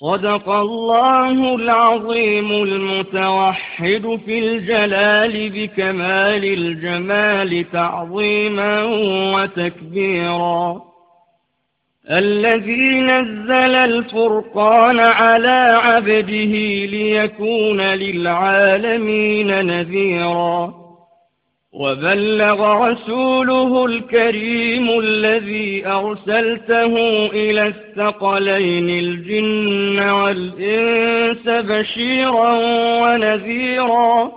صدق الله العظيم المتوحد في الجلال بكمال الجمال تعظيما وتكبيرا الذي نزل الفرقان على عبده ليكون للعالمين نذيراً وبلغ رسوله الكريم الذي أرسلته إلى الثقلين الجن والإنس بشيرا ونذيرا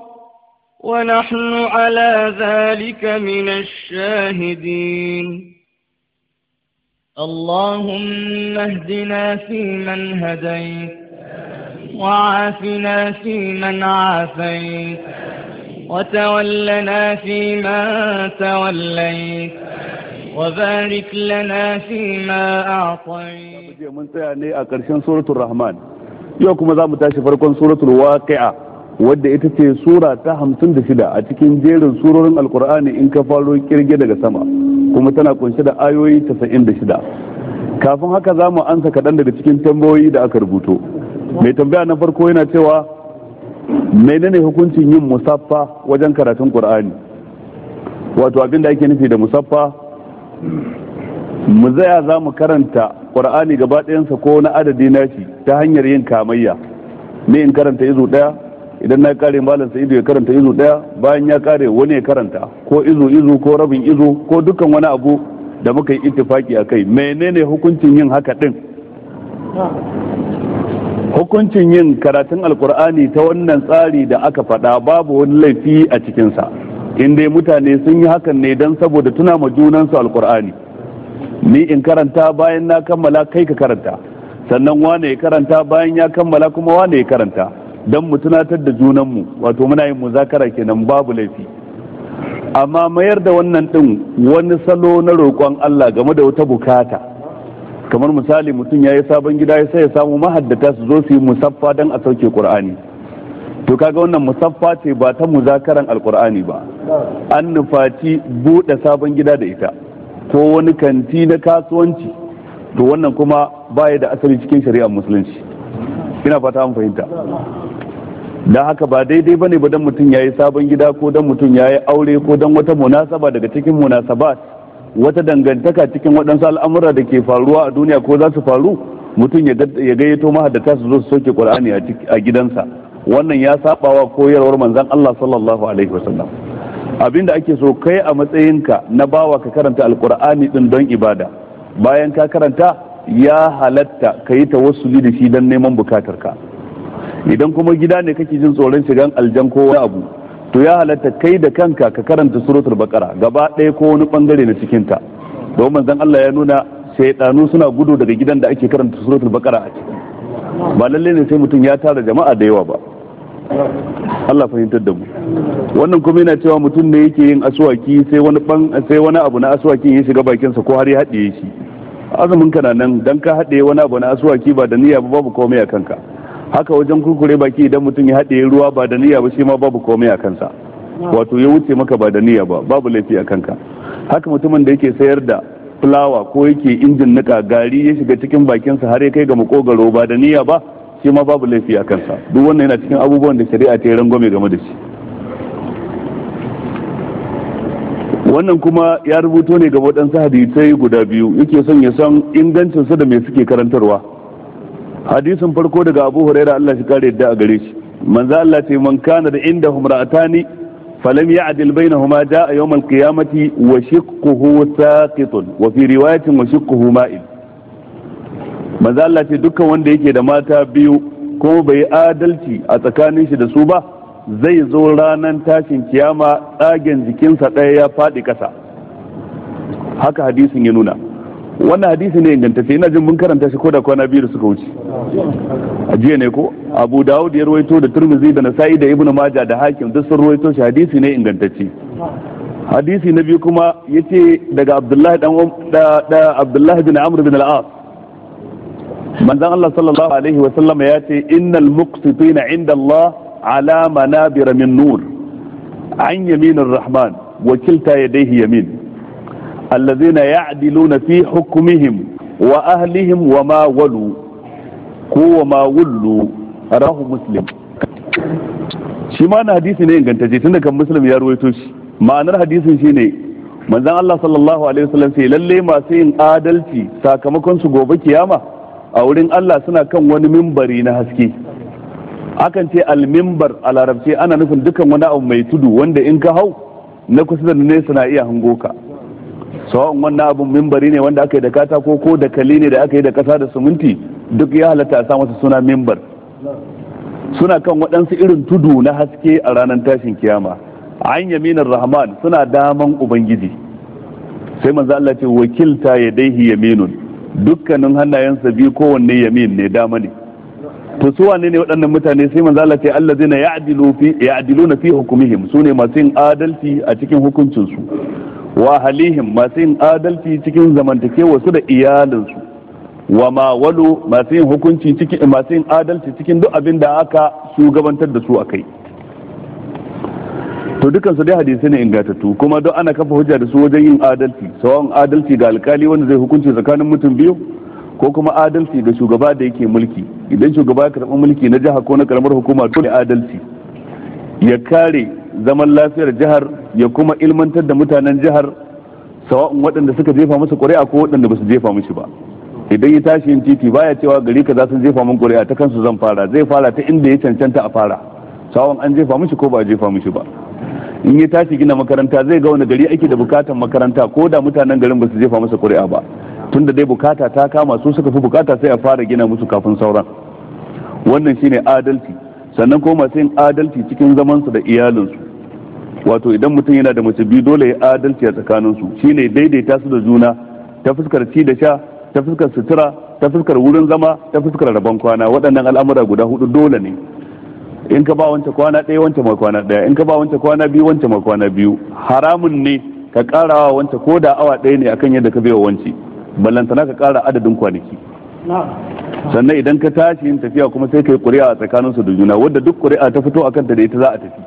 ونحن على ذلك من الشاهدين اللهم اهدنا فيمن هديت وعافنا فيمن عافيت وتولنا فيما توليت وبارك لنا فيما أعطيت من تعني أكرشان سورة الرحمن يوكم ذا متاشي فرقون سورة الواقعة wadda ita ce sura ta hamsin da shida a cikin jerin surorin alkur'ani in ka faro kirge daga sama kuma tana kunshe da ayoyi tasa'in da shida kafin haka za mu ansa kaɗan daga cikin tambayoyi da aka rubuto mai tambaya na farko yana cewa menene hukuncin yin musaffa wajen karatun qur'ani wato abin da ake nufi da musaffa mu zaya za mu karanta qur'ani gaba ɗayansa ko na adadi na shi ta hanyar yin kamayya ne in karanta izu ɗaya idan na kare malam sa'idu ya karanta izu ɗaya bayan ya kare wani ya karanta ko izu izu ko rabin izu ko dukkan wani abu da muka yi ittifaki a kai menene hukuncin yin haka din? hukuncin yin karatun alkur'ani ta wannan tsari da aka faɗa babu wani laifi a cikinsa in dai mutane sun yi hakan ne don saboda tuna ma junansu alkur'ani ni in karanta bayan na kammala kai ka karanta sannan wane ya karanta bayan ya kammala kuma wane ya karanta don mu tunatar da junanmu wato muna yin muzakara kenan babu laifi amma mayar da wannan din wani salo na roƙon allah game da wata bukata kamar misali mutum ya yi sabon gida ya sai ya samu mahaddata su zo su yi musaffa don a sauke qur'ani to kaga wannan musaffa ce ba ta muzakaran alqur'ani ba an nufaci buɗe sabon gida da ita ko wani kanti na kasuwanci to wannan kuma baya da asali cikin shari'ar musulunci ina fata an fahimta da haka ba daidai bane ba dan mutum ya yi sabon gida ko don mutum ya yi aure ko dan wata munasaba daga cikin munasabat wata dangantaka cikin waɗansu al'amura da ke faruwa a duniya ko za su faru mutum ya gayyato mahaddata su zo su soke qur'ani a gidansa wannan ya wa koyarwar manzon Allah sallallahu alaihi wasallam abinda ake so kai a matsayinka na bawa ka karanta alqur'ani din don ibada bayan ka karanta ya halatta ka yi tawassuli da shi don neman bukatarka idan kuma gida ne kake jin tsoron shigan aljan ko abu to ya halatta kai da kanka ka karanta suratul baqara gaba ɗaya ko wani bangare na cikinta, ta don manzon Allah ya nuna shaydanu suna gudu daga gidan da ake karanta suratul baqara a ciki ba lalle ne sai mutum ya tara jama'a da yawa ba Allah fahimtar da mu wannan kuma yana cewa mutum ne yake yin aswaki sai wani ban sai wani abu na aswakin ya shiga bakin sa ko har ya hade shi azumin kana nan dan ka haɗe wani abu na aswaki ba da niyya ba babu komai a kanka haka wajen kurkure baki idan mutum ya haɗe ruwa ba da niyya ba shi ma babu komai a kansa wato ya wuce maka ba da niyya ba babu laifi a kanka haka mutumin da yake sayar da fulawa ko yake injin nika gari ya shiga cikin bakinsa har ya kai ga makogaro ba da niyya ba shi ma babu laifi a kansa duk wannan yana cikin abubuwan da shari'a ta yi rangwame game da shi wannan kuma ya rubuto ne ga waɗansu hadisai guda biyu yake son ya san ingancinsu da me suke karantarwa hadisin farko daga Abu huraira Allah shi kare yadda a gare shi manzo Allah ce man kana da inda humra'atani falam ya'dil bainahuma ja'a yawm al-qiyamati wa shiqquhu saqitun wa fi riwayatin wa shiqquhu ma'il manzo Allah ce dukkan wanda yake da mata biyu kuma bai adalci a tsakanin shi da su ba zai zo ranar tashin kiyama tsagen jikinsa ɗaya ya faɗi ƙasa haka hadisin ya nuna wannan hadisi ne ingantacce ina jin mun karanta shi ko da kwana biyu suka wuce a jiya ne ko abu dawud ya ruwaito da turmizi da nasa'i da ibnu maja da hakim duk sun ruwaito shi hadisi ne ingantacce hadisi na biyu kuma yace daga abdullahi dan umm, da abdullahi bin amr bin al-as manzon Allah sallallahu alaihi wa sallam ya ce innal muqsitina inda Allah ala manabir min nur an yaminir rahman wakilta ya yadayhi yamin allazina ya'diluna fi hukmihim wa ahlihim wa ma walu ko wa ma muslim shi ma na hadisi ne ingantacce tun da kan muslim ya ruwaito shi ma'anar hadisin shine manzon Allah sallallahu alaihi wasallam sai lalle masu yin adalci sakamakon su gobe kiyama a wurin Allah suna kan wani mimbari na haske akan ce almimbar a larabce ana nufin dukan wani abu mai tudu wanda in ka hau na kusa da nesa na iya hango ka sawa'un wannan abun mimbari ne wanda aka yi da katako ko da kali ne da aka yi da kasa da suminti duk ya halatta a sa suna mimbar suna kan waɗansu irin tudu na haske a ranar tashin kiyama an yaminar rahman suna daman ubangiji sai manzo Allah ce wakilta daihi yaminun dukkanin hannayensa biyu kowanne yamin ne dama ne to su wane ne waɗannan mutane sai manzo Allah ce allazina ya'dilu ya'diluna fi hukumihim sune masu yin adalci a cikin hukuncinsu. wa halihim masu yin adalci cikin zamantakewa su da iyalinsu wa ma walu masu yin hukunci cikin masu yin adalci cikin duk abin da aka shugabantar da su a kai to dukansu su dai hadisi ne ingantattu kuma duk ana kafa hujja da su wajen yin adalci sawan adalci ga alkali wanda zai hukunci tsakanin mutum biyu ko kuma adalci ga shugaba da yake mulki idan shugaba ya karɓi mulki na jiha ko na karamar hukuma dole adalci ya kare zaman lafiyar jihar ya kuma ilmantar da mutanen jihar sawa'un waɗanda suka jefa masa ƙuri'a ko waɗanda ba su jefa mishi ba idan ya tashi yin titi baya cewa gari kaza sun jefa min ƙuri'a ta kansu zan fara zai fara ta inda ya cancanta a fara sawa'un an jefa mishi ko ba a jefa mishi ba in ya tashi gina makaranta zai ga wani gari ake da bukatan makaranta ko da mutanen garin ba su jefa masa ƙuri'a ba tunda dai bukata ta kama su suka fi bukata sai a fara gina musu kafin sauran wannan shine adalci sannan ko masu yin adalci cikin zamansu da iyalinsu wato idan mutum yana da mace biyu dole ya adalci a tsakaninsu shine daidaita su da juna ta fuskar ci da sha ta fuskar sutura ta fuskar wurin zama ta fuskar rabon kwana waɗannan al'amura guda hudu dole ne in ka ba wancan kwana ɗaya wancan ma kwana ɗaya in ka ba wancan kwana biyu wancan ma kwana biyu haramun ne ka karawa wancan ko da awa ɗaya ne akan yadda ka biya wanci ballantana ka ƙara adadin kwanaki sannan idan ka tashi yin tafiya kuma sai ka yi ƙuri'a a tsakaninsu da juna wadda duk ƙuri'a ta fito akan ta da ita za a tafi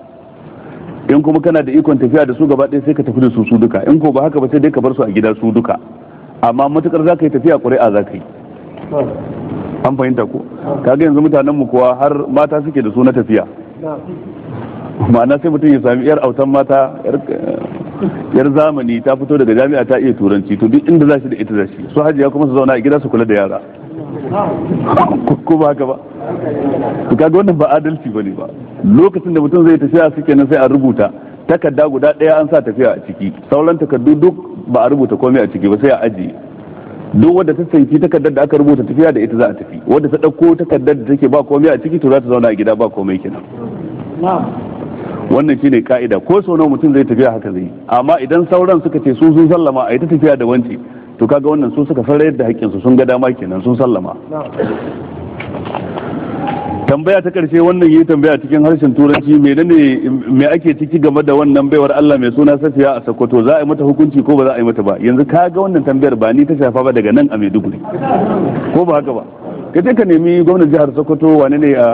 in kuma kana da ikon tafiya da su gaba ɗaya sai ka tafi da su su duka in ko ba haka ba sai dai ka bar su a gida su duka amma matukar za ka yi tafiya ƙuri'a za ka yi an fahimta ko kaga yanzu mutanen mu kuwa har mata suke da su na tafiya ma'ana sai mutum ya sami yar autan mata yar zamani ta fito daga jami'a ta iya turanci to duk inda za shi da ita za shi su hajiya kuma su zauna a gida su kula da yara ko ba haka ba to kaga wannan ba adalci bane ba lokacin da mutum zai tafiya suke nan sai a rubuta takarda guda ɗaya an sa tafiya a ciki sauran takardu duk ba a rubuta komai a ciki ba sai a ajiye duk wadda ta sanki takardar da aka rubuta tafiya da ita za a tafi wadda ta ɗauko takardar da take ba komai a ciki to za ta zauna a gida ba komai kenan wannan shine ka'ida ko sau nawa mutum zai tafiya haka zai amma idan sauran suka ce sun sun sallama a ita tafiya da wanci to kaga wannan sun suka rayar da haƙƙinsu sun ga dama kenan sun sallama tambaya ta ƙarshe wannan yi tambaya cikin harshen turanci me ne me ake ciki game da wannan baiwar Allah mai suna Safiya a Sokoto za a yi mata hukunci ko ba za a yi mata ba yanzu ka ga wannan tambayar ba ni ta shafa ba daga nan a Maiduguri ko ba haka ba ka je ka nemi gwamnan jihar sokoto wane ne a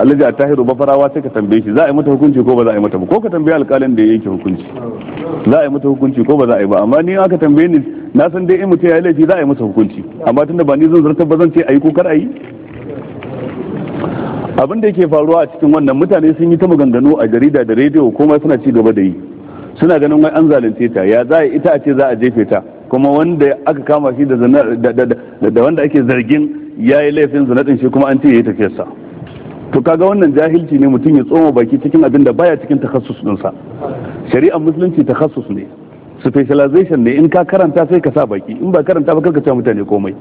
alhaji a tahiru bafarawa sai ka tambaye shi za a yi mata hukunci ko ba za a yi mata ba ko ka tambaye alkalin da ya yanke hukunci za a yi mata hukunci ko ba za a yi ba amma ni aka tambaye ni na san dai in mutum ya yi laifi za a yi masa hukunci amma tunda ba ni zan zartar ba zan ce a yi ko kar a yi abin da yake faruwa a cikin wannan mutane sun yi ta maganganu a jarida da rediyo kuma suna ci gaba da yi suna ganin wai an zalunce ta ya za a ita a ce za a jefe ta kuma wanda aka kama shi da wanda ake zargin ya yi laifin zinaɗin shi kuma an ce ya yi tafiyarsa to kaga wannan jahilci ne mutum ya tsoma baki cikin abin da baya cikin takhasus dinsa shari'ar musulunci takassus ne specialization ne in ka karanta sai ka sa baki in ba karanta ba karka ce mutane komai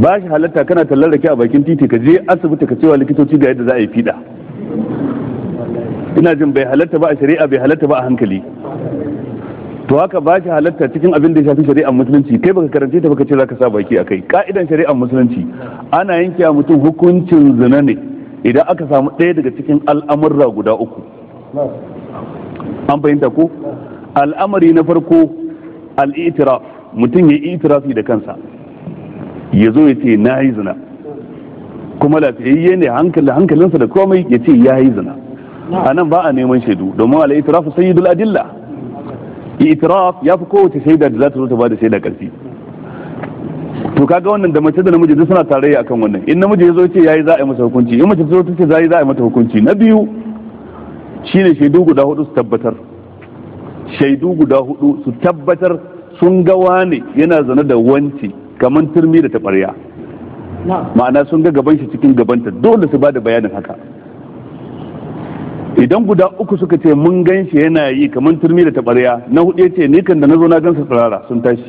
ba shi halatta kana tallar ke a bakin titi ka je asibiti ka cewa likitoci ga yadda za a yi fiɗa ina jin bai halatta ba a shari'a bai halatta ba a hankali to haka ba ki halatta cikin abin da ya shafi shari'ar musulunci kai baka karance ta baka ce zaka sa baki akai ka'idan shari'ar musulunci ana yanke mutum hukuncin zina ne idan aka samu ɗaya daga cikin al'amurra guda uku an fahimta ko al'amari na farko al'itira mutum ya yi itirafi da kansa ya zo ya ce na yi zina kuma lafiyayye ne hankali hankalinsa da komai ya ce ya yi zina a nan ba a neman shaidu domin al'itirafu sayyidul adilla itiraf ya fi kowace shaida da za ta zo ta bada shaida karfi to kaga wannan da mace da namiji duk suna tarayya akan wannan in namiji ya zo ce yayi za a yi masa hukunci in mace ta zo ta ce za a yi mata hukunci na biyu shine shaidu guda hudu su tabbatar shaidu guda hudu su tabbatar sun ga wane yana zana da wanci kamar turmi da taɓarya ma'ana sun ga gaban shi cikin gabanta dole su ba da bayanin haka idan guda uku suka ce mun gan shi yana yi kamar turmi da tabarya na hudu ya ce ni kan da na zo na gansa tsirara sun tashi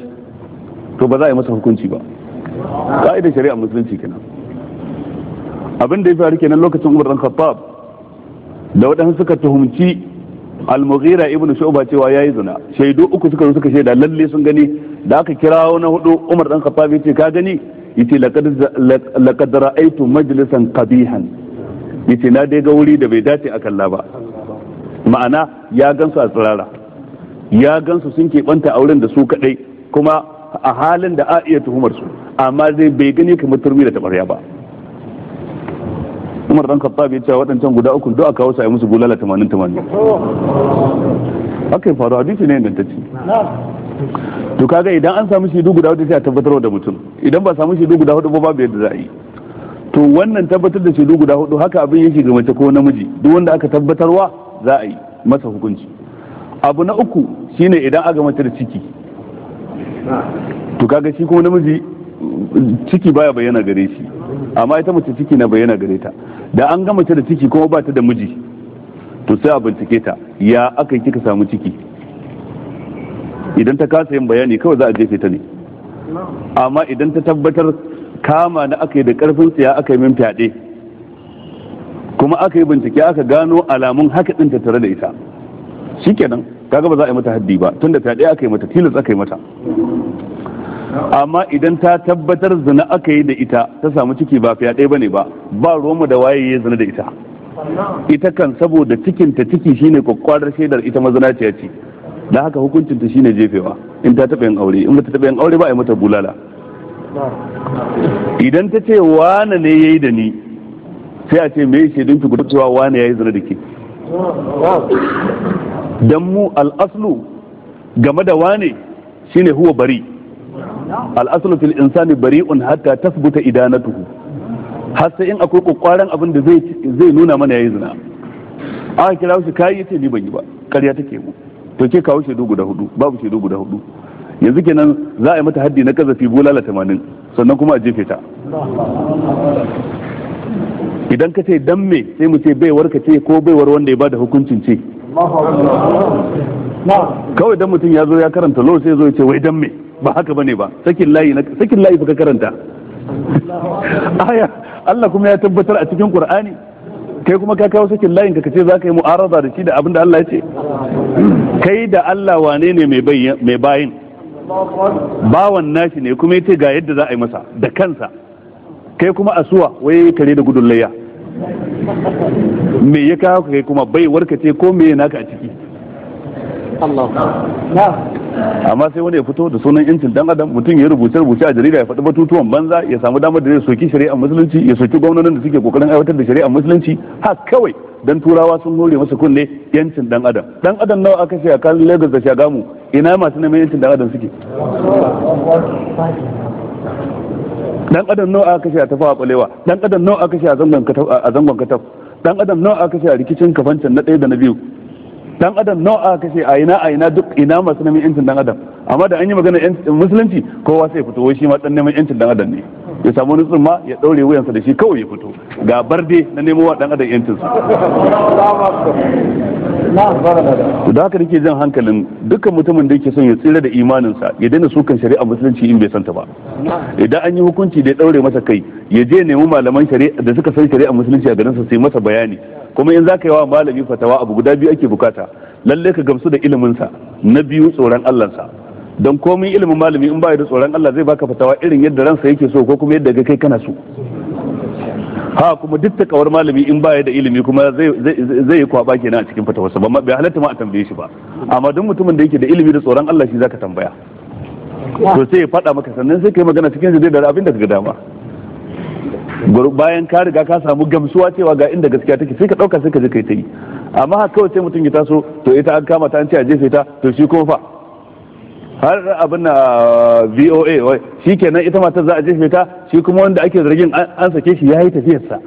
to ba za a yi masa hukunci ba ka'idar shari'a musulunci kenan abin da ya faru kenan lokacin umar dan khattab da waɗansu suka tuhumci al-mughira ibnu shu'ba cewa yayi zina shaidu uku suka zo suka shaida lalle sun gani da aka kirawo na hudu umar dan khattab ya ce ka gani yace laqad laqad ra'aytu majlisan qabihan yace na dai ga wuri da bai dace a kalla ba ma'ana ya gansu a tsirara ya gansu sun keɓanta a wurin da su kadai kuma a halin da a iya tuhumar su amma dai bai gani kamar turmi da tabarya ba umar dan khattab ya ce waɗancan guda uku duk a kawo sai musu bulala 80 80 haka faru hadisi ne ingantacce to kaga idan an samu shi guda hudu sai a tabbatar da mutum idan ba samu shi guda hudu ba babu yadda za a yi to wannan tabbatar da shaidu guda hudu haka abin yake ga mace ko namiji duk wanda aka tabbatarwa za a yi masa hukunci abu na uku shine idan aka mace da ciki to kaga shi kuma namiji ciki baya bayyana gare shi amma ita mace ciki na bayyana gare ta da an ga mace da ciki kuma ba ta da miji to sai a bincike ta ya aka yi kika samu ciki idan ta kasa yin bayani kawai za a jefe ta ne amma idan ta tabbatar kama da aka yi da karfin tsiya aka yi min fyaɗe kuma aka yi bincike aka gano alamun haka ɗin ta tare da ita shikenan kaga ba za a yi mata haddi ba tunda fyaɗe aka yi mata tilas aka yi mata amma idan ta tabbatar zina aka yi da ita ta samu ciki ba fyaɗe ba ne ba ba roma da waye ya zina da ita ita kan saboda cikin ta ciki shine kwakwarar shaidar ita mazinaciya ce da haka hukuncinta shine jefewa in ta taɓa yin aure in ba ta taɓa yin aure ba a yi mata bulala idan ta ce wane ne ya yi da ni sai a ce me yi shaidun ki gudu cewa wane yi zina da ke dan mu al'aslu game da wane shine huwa bari al'aslu fil insani bari'un hatta tasbuta idanatuhu har sai in akwai kokwaran abin da zai nuna mana ya yi zina aka kira shi kayi ce ni ban yi ba ta take mu to ke kawo shaidu guda hudu babu shaidu guda hudu yanzu kenan za a yi mata haddi na kazafi bulala tamanin sannan kuma a jefe ta idan ka ce dan me sai mu ce baiwar ka ce ko baiwar wanda ya bada hukuncin ce kawai dan mutum ya zo ya karanta lo sai zo ya ce wai dan me ba haka bane ba sakin layi sakin layi ka karanta aya Allah kuma ya tabbatar a cikin Qur'ani kai kuma ka kawo sakin layin ka ce za ka yi mu'arada da shi da abin da Allah ya ce kai da Allah wane ne mai bayin bawan nashi ne kuma yace ga yadda za a yi masa da kansa kai kuma asuwa wai kare da gudun layya me ya kawo kai kuma bai warkace ko me naka a ciki amma sai wani ya fito da sunan yancin dan adam mutum ya rubuce rubuce a jarida ya faɗi batutuwan banza ya samu damar da zai soki shari'ar musulunci ya soki gwamnonin da suke kokarin aiwatar da shari'ar musulunci ha kawai dan turawa sun hore masa kunne yancin dan adam dan adam nawa aka shi a kan Lagos da Shagamu ina masu neman yancin dan adam suke dan adam nawa aka kashe a tafawa kwalewa dan adam nawa aka kashe a zangon kataf a zangon kataf dan adam nawa aka kashe a rikicin kafancin na ɗaya da na biyu dan adam nawa aka kashe a ina a ina duk ina masu neman yancin dan adam amma da an yi magana musulunci kowa sai fito wai shi ma dan neman yancin dan adam ne ya samu wani tsumma ya daure wuyansa da shi kawai ya fito ga barde na nemo wa dan adam yancin sa da haka nake jan hankalin dukkan mutumin da yake son ya tsira da imanin sa ya daina sukan shari'a musulunci in bai santa ba idan an yi hukunci da ya daure masa kai ya je nemi malaman shari'a da suka san shari'a musulunci a garin sa sai masa bayani kuma in zaka yi wa malami fatawa abu guda biyu ake bukata lalle ka gamsu da ilimin sa na biyu tsoron Allah sa don komai ilimin malami in ba da tsoron Allah zai baka fatawa irin yadda ransa yake so ko kuma yadda ga kai kana so ha kuma duk takawar malami in ba da ilimi kuma zai yi kwaba kenan a cikin fatawarsa ba bai halatta ma a tambaye shi ba amma duk mutumin da yake da ilimi da tsoron Allah shi zaka tambaya to sai ya faɗa maka sannan sai kai magana cikin zai da abin da ka dama bayan ka riga ka samu gamsuwa cewa ga inda gaskiya take sai ka ɗauka sai ka je kai ta yi amma haka kawai sai mutum ya taso to ita an kama ta an ce a jefe ta to shi kuma fa har abin na uh, VOA wai shikenan ita matar za a jefe ta shi kuma wanda ake zargin an sake shi ya yi tafiyarsa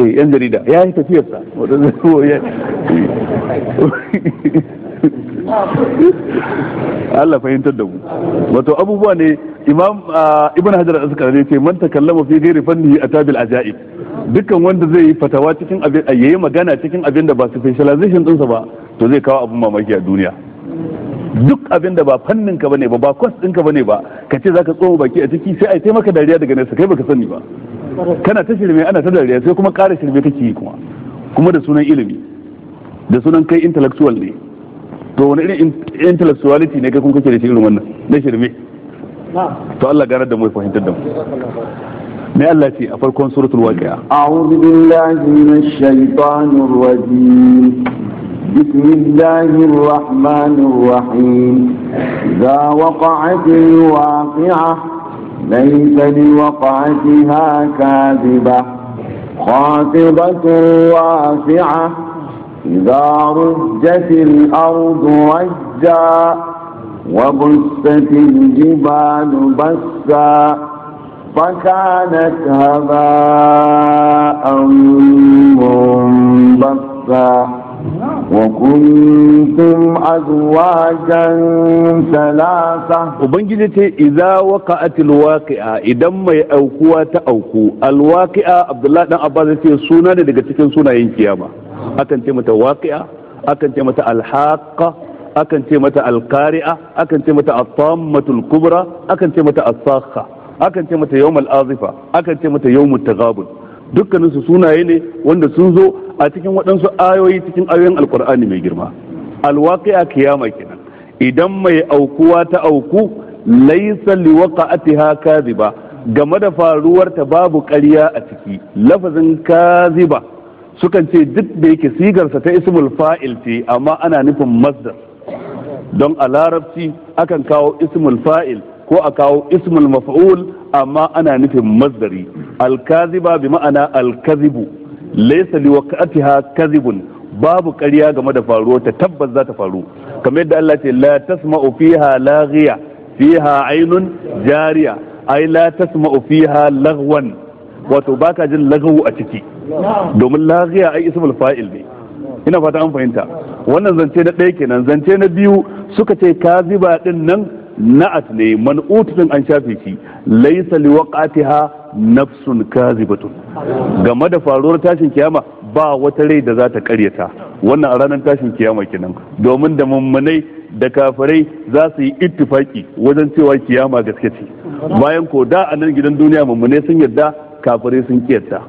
eh yan jarida ya yi tafiyarsa Allah fahimtar da mu wato abubuwa ne imam uh, ibn hajar al-asqalani ce man takallama fi ghairi fannihi atabil ajaib dukkan wanda zai yi fatawa cikin abin yayi magana cikin abin da ba su specialization din sa ba to zai kawo abun mamaki a duniya duk abin da ba fannin ka bane ba ba kwas din ka bane ba ka ce zaka tsoma baki a ciki sai a yi taimaka dariya daga nesa kai baka sani ba kana ta shirme ana ta dariya sai kuma ƙara shirme kake yi kuma kuma da sunan ilimi da sunan kai intellectual ne to wani irin intellectuality ne kai kun kake da shi irin wannan na shirme to Allah gara da mu fahimtar da mu me Allah ce a farkon suratul waqi'a a'udhu billahi minash shaitanir rajim بسم الله الرحمن الرحيم إذا وقعت الواقعة ليس لوقعتها كاذبة خاطبة واسعة إذا رجت الأرض رجا وبست الجبال بسا فكانت هباء منبثا وكنتم أزواجا ثلاثة وبنجلتي إذا وقعت الواقعة إذا ما يأوكوا تأوكوا الواقعة عبد الله بن عباس سنة لدقتك سنة ينكيامة أكن تيمة واقعة أكن تيمة الحاقة أكن تيمة القارئة أكن تيمة الطامة الكبرى أكن تيمة الصاخة أكن تيمة يوم الآظفة أكن تيمة يوم التغابن dukkaninsu sunaye ne wanda sun zo a cikin waɗansu ayoyi cikin ayoyin alkur'ani mai girma a kiyama kenan idan mai aukuwa ta auku laysa atiha kaziba game da faruwar ta babu ƙarya a ciki lafazin kaziba sukan ce duk da yake sigarsa ta ismul fa'il ce amma ana nufin masdar don a larabci akan kawo ismul fa'il ko a kawo ismul maf'ul amma ana nufin masdari alkaziba bi ma'ana alkazibu li waqatiha kadhibun babu ƙarya game da faruwa ta tabbas za ta faru kamar yadda Allah ce la tasma'u fiha laghiya fiha aynun jariya ay la tasma'u fiha laghwan wato baka jin laghu a ciki domin laghiya ai ismul fa'il ne ina fata an fahimta wannan zance na ɗaya kenan zance na biyu suka ce kaziba din nan na'at ne man'ut din an shafe shi laysa liwaqatiha nafsun kazibatun game da faruwar tashin kiyama ba wata rai da za ta karyata wannan a ranar tashin kiyama kenan domin da mummunai da kafirai za su yi ittifaki wajen cewa kiyama gaske ce bayan ko da a nan gidan duniya mummunai sun yarda kafirai sun kiyarta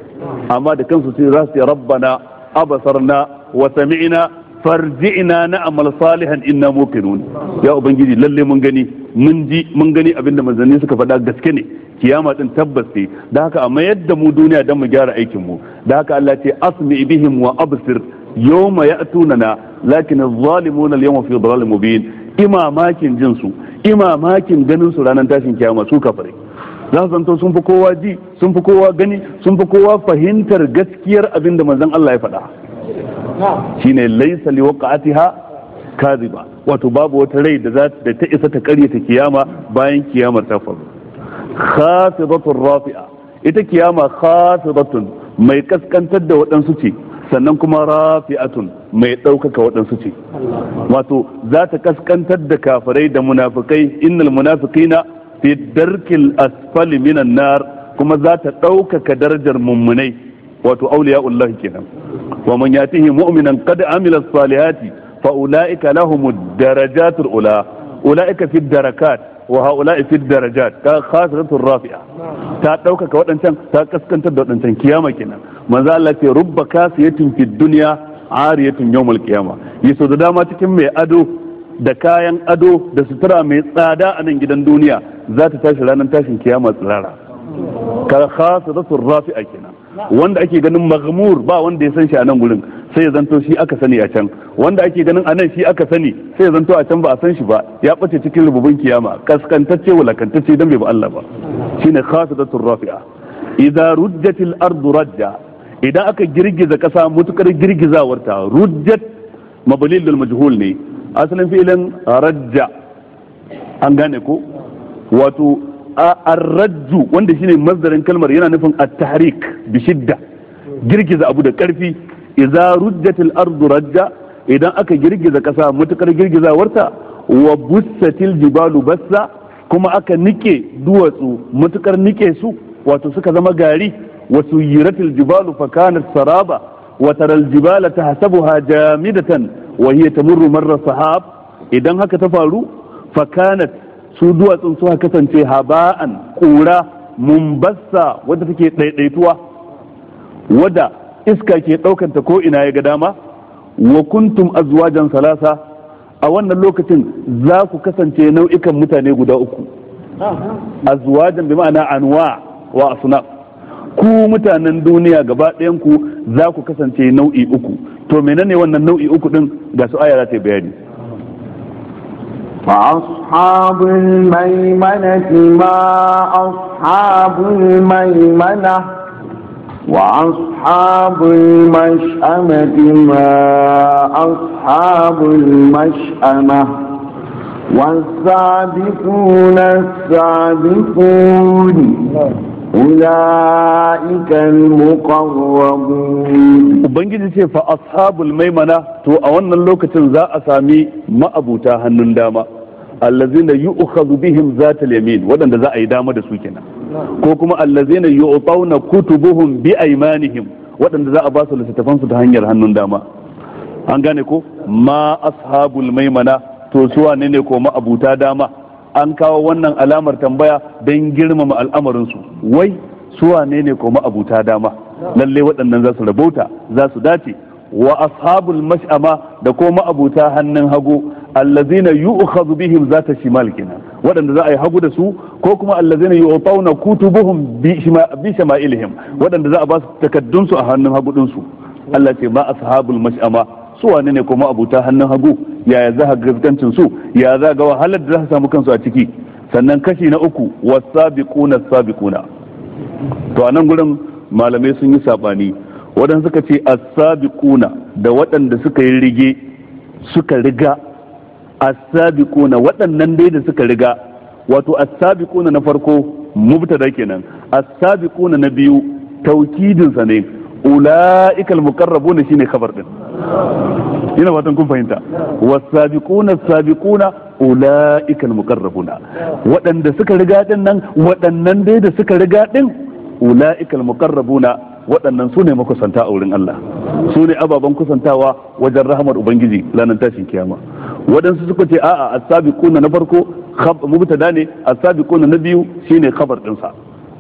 amma da kansu sai za su yi rabbana abasarna wa sami'na farji'na na amal salihan inna muqinun ya ubangiji lalle mun gani mun ji mun gani abinda manzanni suka faɗa gaske ne kiyama din tabbas ce da haka amma yadda mu duniya dan mu gyara aikin mu da haka Allah ce asmi bihim wa absir yawma ya'tunana lakin adh-dhalimuna al-yawma fi dhalalin mubin imamakin jin su imamakin ganin su ranar tashin kiyama su kafare za su zanto sun fi kowa ji sun fi kowa gani sun fi kowa fahimtar gaskiyar abin da manzon Allah ya faɗa shine laysa liwaqatiha kaziba wato babu wata rai da ta isa ta ta kiyama bayan kiyamar ta faru khafidatun rafi'a ita kiyama khafidatun mai kaskantar da waɗansu ce sannan kuma rafi'atun mai ɗaukaka waɗansu ce wato za ta kaskantar da kafirai da munafikai innal munafiqina fi darkil asfali minan nar kuma za ta ɗaukaka darajar mummunai wato auliya'ullahi kenan wa man yatihi mu'minan qad amila salihati fa ulaika lahumud darajatul ula ulaika fi darakat wa haula'i fi darajat ka khasratur rafi'a ta ɗaukaka waɗancan ta kaskantar da waɗancan kiyama kina maza Allah ce rubba kasiyatin fid dunya ariyatun kiyama qiyama yaso da dama cikin mai ado da kayan ado da sutura mai tsada a nan gidan duniya zata tashi ranar tashin kiyama tsirara ka khasratur rafi'a kenan wanda ake ganin maghmur ba wanda ya san shi a nan gurin sai ya zanto shi aka sani a can wanda ake ganin a nan shi aka sani sai ya zanto a can ba a san shi ba ya bace cikin rububin kiyama kaskantacce walakantacce dan bai ba Allah ba shine khasadatur rafi'a idza rujjatil ardu rajja idan aka girgiza kasa mutukar girgizawar ta rujjat mabalil majhul ne asalin fi'ilin rajja an gane ko wato ar wanda shine mazarin kalmar yana nufin at-tahrik bi shidda girgiza abu da karfi idza rujjatil ardu rajja idan aka girgiza kasa matukar girgizawarta wa bussatil jibalu bassa kuma aka nike duwatsu matukar nike su wato suka zama gari wa yiratil jibalu fakanat saraba wa taral jibala tahsabuha jamidatan wa hiya tamurru marra sahab idan haka ta faru fakanat su duwatsun suka kasance haba'an ƙura bassa wadda take ɗaiɗaituwa wadda iska ke ɗaukanta ko ina ya ga dama wa kuntum azwajan salasa a wannan lokacin za ku kasance nau'ikan mutane guda uku azwajan bi ma'ana anwa wa asna ku mutanen duniya gaba ɗayan ku za ku kasance nau'i uku to menene wannan nau'i uku din ga su aya za ta bayani فأصحاب الميمنة ما أصحاب الميمنة وأصحاب المشأمة ما أصحاب المشأمة والسابقون السابقون Ubangiji ce fa ashabul maimana to a wannan lokacin za a sami ma'abuta hannun dama allazina yu'khadhu bihim zata yamin wadanda za a yi dama da su kenan ko kuma allazina yu'tawna kutubuhum bi aymanihim wadanda za a ba su littafan ta hanyar hannun dama an gane ko ma ashabul maimana to suwa ko ma'abuta dama an kawo wannan alamar tambaya don girmama al'amarinsu wai suwa ne ne kuma abuta dama lalle waɗannan za su rabauta za su dace wa ashabul mash'ama da kuma abuta hannun hagu allazina yu'khadhu bihim zata shimal kina waɗanda za a yi hagu da su ko kuma allazina yu'tawna kutubuhum bi shama'ilihim waɗanda za a ba su takaddun a hannun hagu din su Allah ce ba ashabul mash'ama su wane ne kuma abuta hannun hagu yaya za a gaskancin su ya za ga wahalar da za su samu kansu a ciki sannan kashi na uku wasabiquna sabiquna to anan gurin malamai sun yi sabani waɗanda suka ce as-sabiquna da waɗanda suka yi rige suka riga as-sabiquna waɗannan dai da suka riga wato as-sabiquna na farko mubtada kenan as-sabiquna na biyu taukidinsa ne ula'ikal ne shine khabar din ina fatan kun fahimta wasabiquna sabiquna ulaika almuqarrabuna waɗanda suka riga din nan waɗannan dai da suka riga din ulaika almuqarrabuna waɗannan su ne makusanta a wurin Allah su ne ababen kusantawa wajen rahmar ubangiji ranar tashin kiyama waɗansu suka ce a'a as-sabiquna na farko mubtada ne as na biyu shine khabar ɗinsa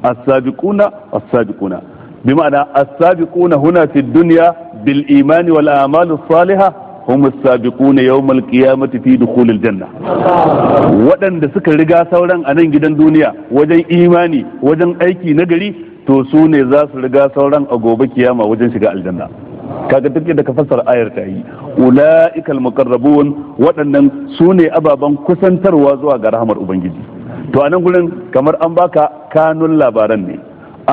as-sabiquna as-sabiquna bi ma'ana as-sabiquna huna fi dunya bil imani wal a'malu salihah hum as-sabiquna yawm al-qiyamati fi dukhul al-janna waɗanda suka riga sauran a nan gidan duniya wajen imani wajen aiki nagari, to su ne za su riga sauran a gobe kiyama wajen shiga aljanna kaga duk da ka fassara ayar ta yi ula'ikal muqarrabun waɗannan su ne ababen kusantarwa zuwa ga rahamar ubangiji to a nan gurin kamar an baka kanun labaran ne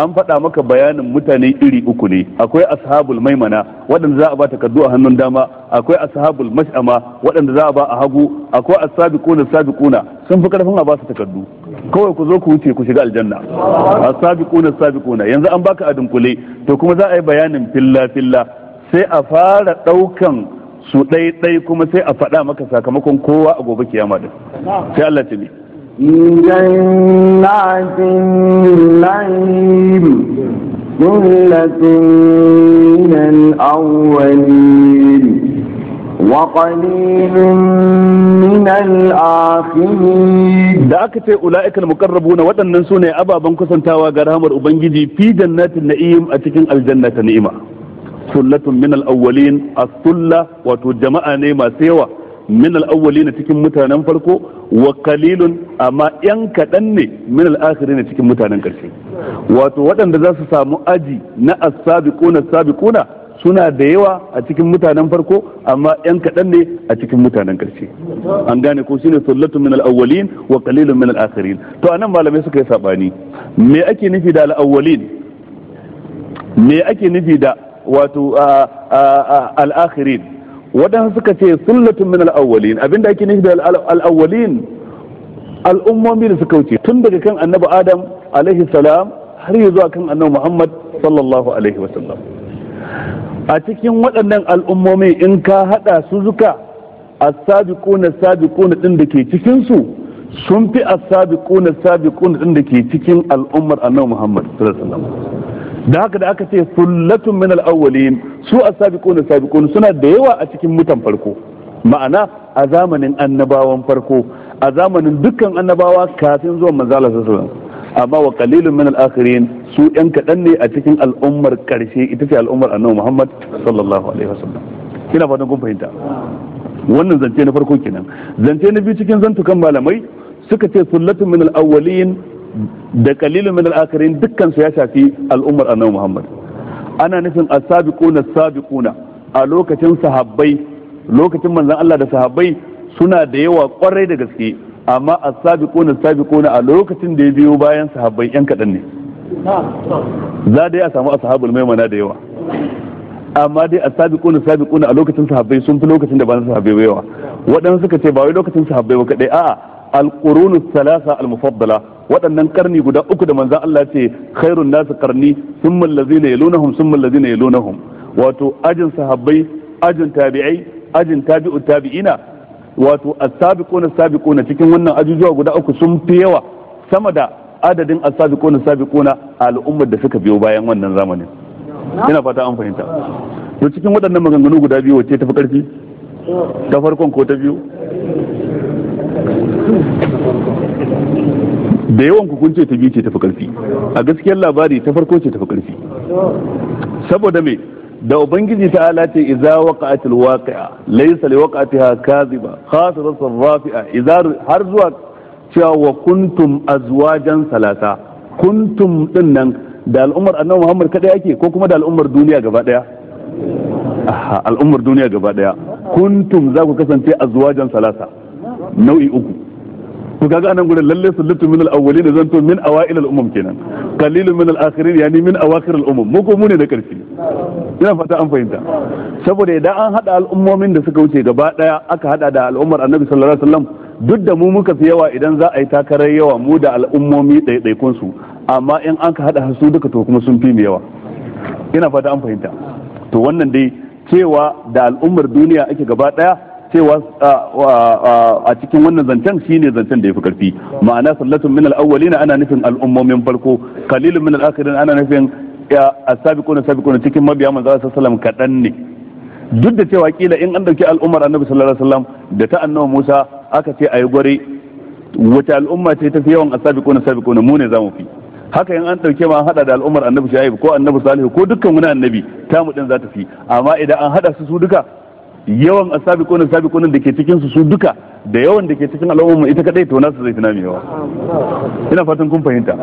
an faɗa maka bayanin mutane iri uku ne akwai ashabul maimana waɗanda za a ba takardu a hannun dama akwai ashabul mash'ama waɗanda za a ba a hagu akwai sabi sabiquna sun fi karfin a ba su takardu kawai ku zo ku wuce ku shiga aljanna sabi sabiquna yanzu an baka adunkule to kuma za a yi bayanin filla filla sai a fara ɗaukan su ɗai ɗai kuma sai a faɗa maka sakamakon kowa a gobe kiyama din sai Allah ta جنات النعيم ثلة من الأولين وقليل من الآخرين da aka ce ula'ikal muqarrabuna waɗannan su ne ababen kusantawa ga rahamar ubangiji fi jannatin na'im a cikin aljanna ta ni'ima sullatun min al-awwalin as-sulla wato jama'a ne masu yawa min al na cikin mutanen farko wa kalilun. amma yan kaɗan ne min al na cikin mutanen ƙarshe. wato waɗanda za su samu aji na asabi sabiquna as-sabiquna suna da yawa a cikin mutanen farko amma yan kaɗan ne a cikin mutanen ƙarshe. an gane ko shine sullatu min al wa kalilun min al-akhirin to anan malamai suka yi sabani me ake nufi da al me ake nufi da wato al-akhirin waɗansu suka ce sullatun min al-awwalin abinda ake nufi da al-awwalin al'ummomi da suka wuce tun daga kan annabi adam alaihi salam har zuwa kan annabi muhammad sallallahu alaihi wasallam a cikin waɗannan al'ummomi in ka haɗa su zuka as-sabiquna as-sabiquna din da ke cikin su sun fi as-sabiquna as-sabiquna din da ke cikin al'ummar annabi muhammad sallallahu alaihi wasallam da haka da aka ce sullatun min al-awwalin su as-sabiquna sabiqun suna da yawa a cikin mutan farko ma'ana a zamanin annabawan farko a zamanin dukkan annabawa kafin zuwan manzo Allah sallallahu amma wa qalilun min al-akhirin su yan kadan ne a cikin al'ummar karshe ita ce al'ummar annabi Muhammad sallallahu alaihi wasallam kina fatan kun fahimta wannan zance na farko kenan zance na biyu cikin zantukan malamai suka ce sullatun min al-awwalin da kalilun min al-akhirin dukkan su ya shafi al'ummar annabi Muhammad ana nufin as-sabiquna as-sabiquna a lokacin sahabbai lokacin manzon Allah da sahabbai suna da yawa kwarai da gaske amma as-sabiquna as-sabiquna a lokacin da ya biyo bayan sahabbai yan kadan ne za dai a samu ashabul maimuna da yawa amma dai as-sabiquna as-sabiquna a lokacin sahabbai sun fi lokacin da ba sahabbai yawa waɗansu suka ce ba wai lokacin sahabbai ba kadai a'a al-qurunus salasa al-mufaddala waɗannan karni guda uku da manzan Allah ce khairun nasu karni summa sun yalunahum na allazina yalunahum wato ajin sahabbai ajin tabi'ai ajin tabi'u tabi'ina wato as-sabiquna sabiquna cikin wannan ajujuwa guda uku sun fi yawa sama da adadin as-sabiquna a al'ummar da suka biyo bayan wannan zamanin ina fata an fahimta to cikin waɗannan maganganu guda biyu wacce tafi ƙarfi ta farkon ko ta biyu da yawan ku kun ce ta biyu ce tafi karfi a gaskiyar labari ta farko ce tafi karfi saboda me da ubangiji ta ala ce idza waqa'atil waqi'a laysa li waqa'atiha kadhiba khasiratan rafi'a iza har zuwa cewa wa kuntum azwajan salasa kuntum din nan da al'ummar annabi Muhammad kadai ake ko kuma da al'ummar duniya gaba daya al'ummar duniya gaba daya kuntum za ku kasance azwajan salasa nau'i uku to ga anan gurin lalle sulutu min al-awwalin zanto min awail umum kenan qalilun min al-akhirin yani min awakhir al umum mu ko mu ne da karfi ina fata an fahimta saboda idan an hada al'ummomin da suka wuce gaba daya aka hada da al'ummar annabi sallallahu alaihi wasallam duk da mu muka fi yawa idan za a yi takarar yawa mu da al'ummomi ɗaiɗaikun su amma in an ka hada su duka to kuma sun fi mu yawa ina fata an fahimta to wannan dai cewa da al'ummar duniya ake gaba daya cewa a cikin wannan zancen shine zancen da ya fi karfi ma'ana sallatun min al-awwalin ana nufin al'ummomin farko qalilun min al-akhirin ana nufin as-sabiquna sabiquna cikin mabiya manzo sallallahu alaihi wasallam kadan ne duk da cewa kila in an dauki al'ummar annabi sallallahu alaihi wasallam da ta annabi Musa aka ce ayi gwari wata al'umma ce ta fi yawan as-sabiquna sabiquna mu ne zamu fi haka in an dauke ma an hada da al'ummar annabi Shu'aib ko annabi Salihu ko dukkan wani annabi tamu din za ta fi amma idan an hada su su duka yawan asabiquna sabiquna da ke cikin su su duka da yawan da ke cikin al'umma ita kadai to nasu zai tunami yawa ina fatan kun fahimta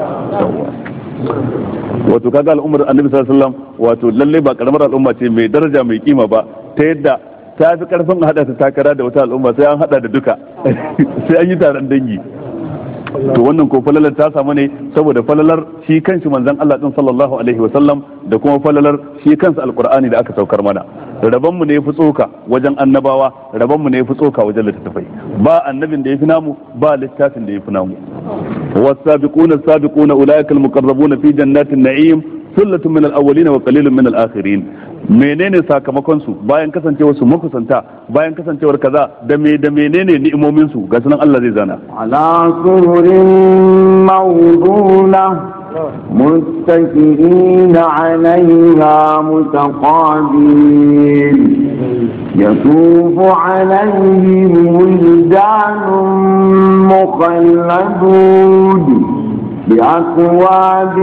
wato kaga al'ummar annabi sallallahu alaihi wasallam wato lalle ba karamar al'umma ce mai daraja mai kima ba ta yadda ta fi karfin hada ta takara da wata al'umma sai an hada da duka sai an yi taron dangi to wannan ko falalar ta samu ne saboda falalar shi kanshi manzon Allah din sallallahu alaihi da kuma falalar shi kansa alqur'ani da aka saukar mana raban mu ne fi tsoka wajen annabawa raban mu ne fi tsoka wajen littattafai ba annabin da yafi namu ba littafin da yafi namu والسابقون السابقون أولئك المقربون في جنات النعيم ثلة من الأولين وقليل من الآخرين menene sakamakon su bayan kasancewar su makusanta bayan kasancewar kaza da me da menene ni'imomin su ga sunan Allah zai zana ala surin mawduna متكئين alayha mutaqabil يطوف عليهم ولدان مخلدون بأكواب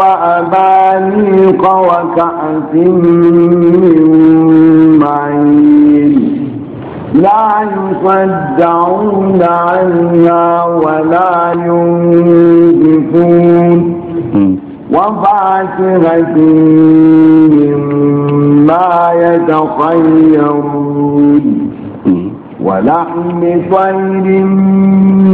وأبانيق وكأس من معين لا يصدعون عنها ولا ينزفون وفاكهة مما يتخيرون ولحم طير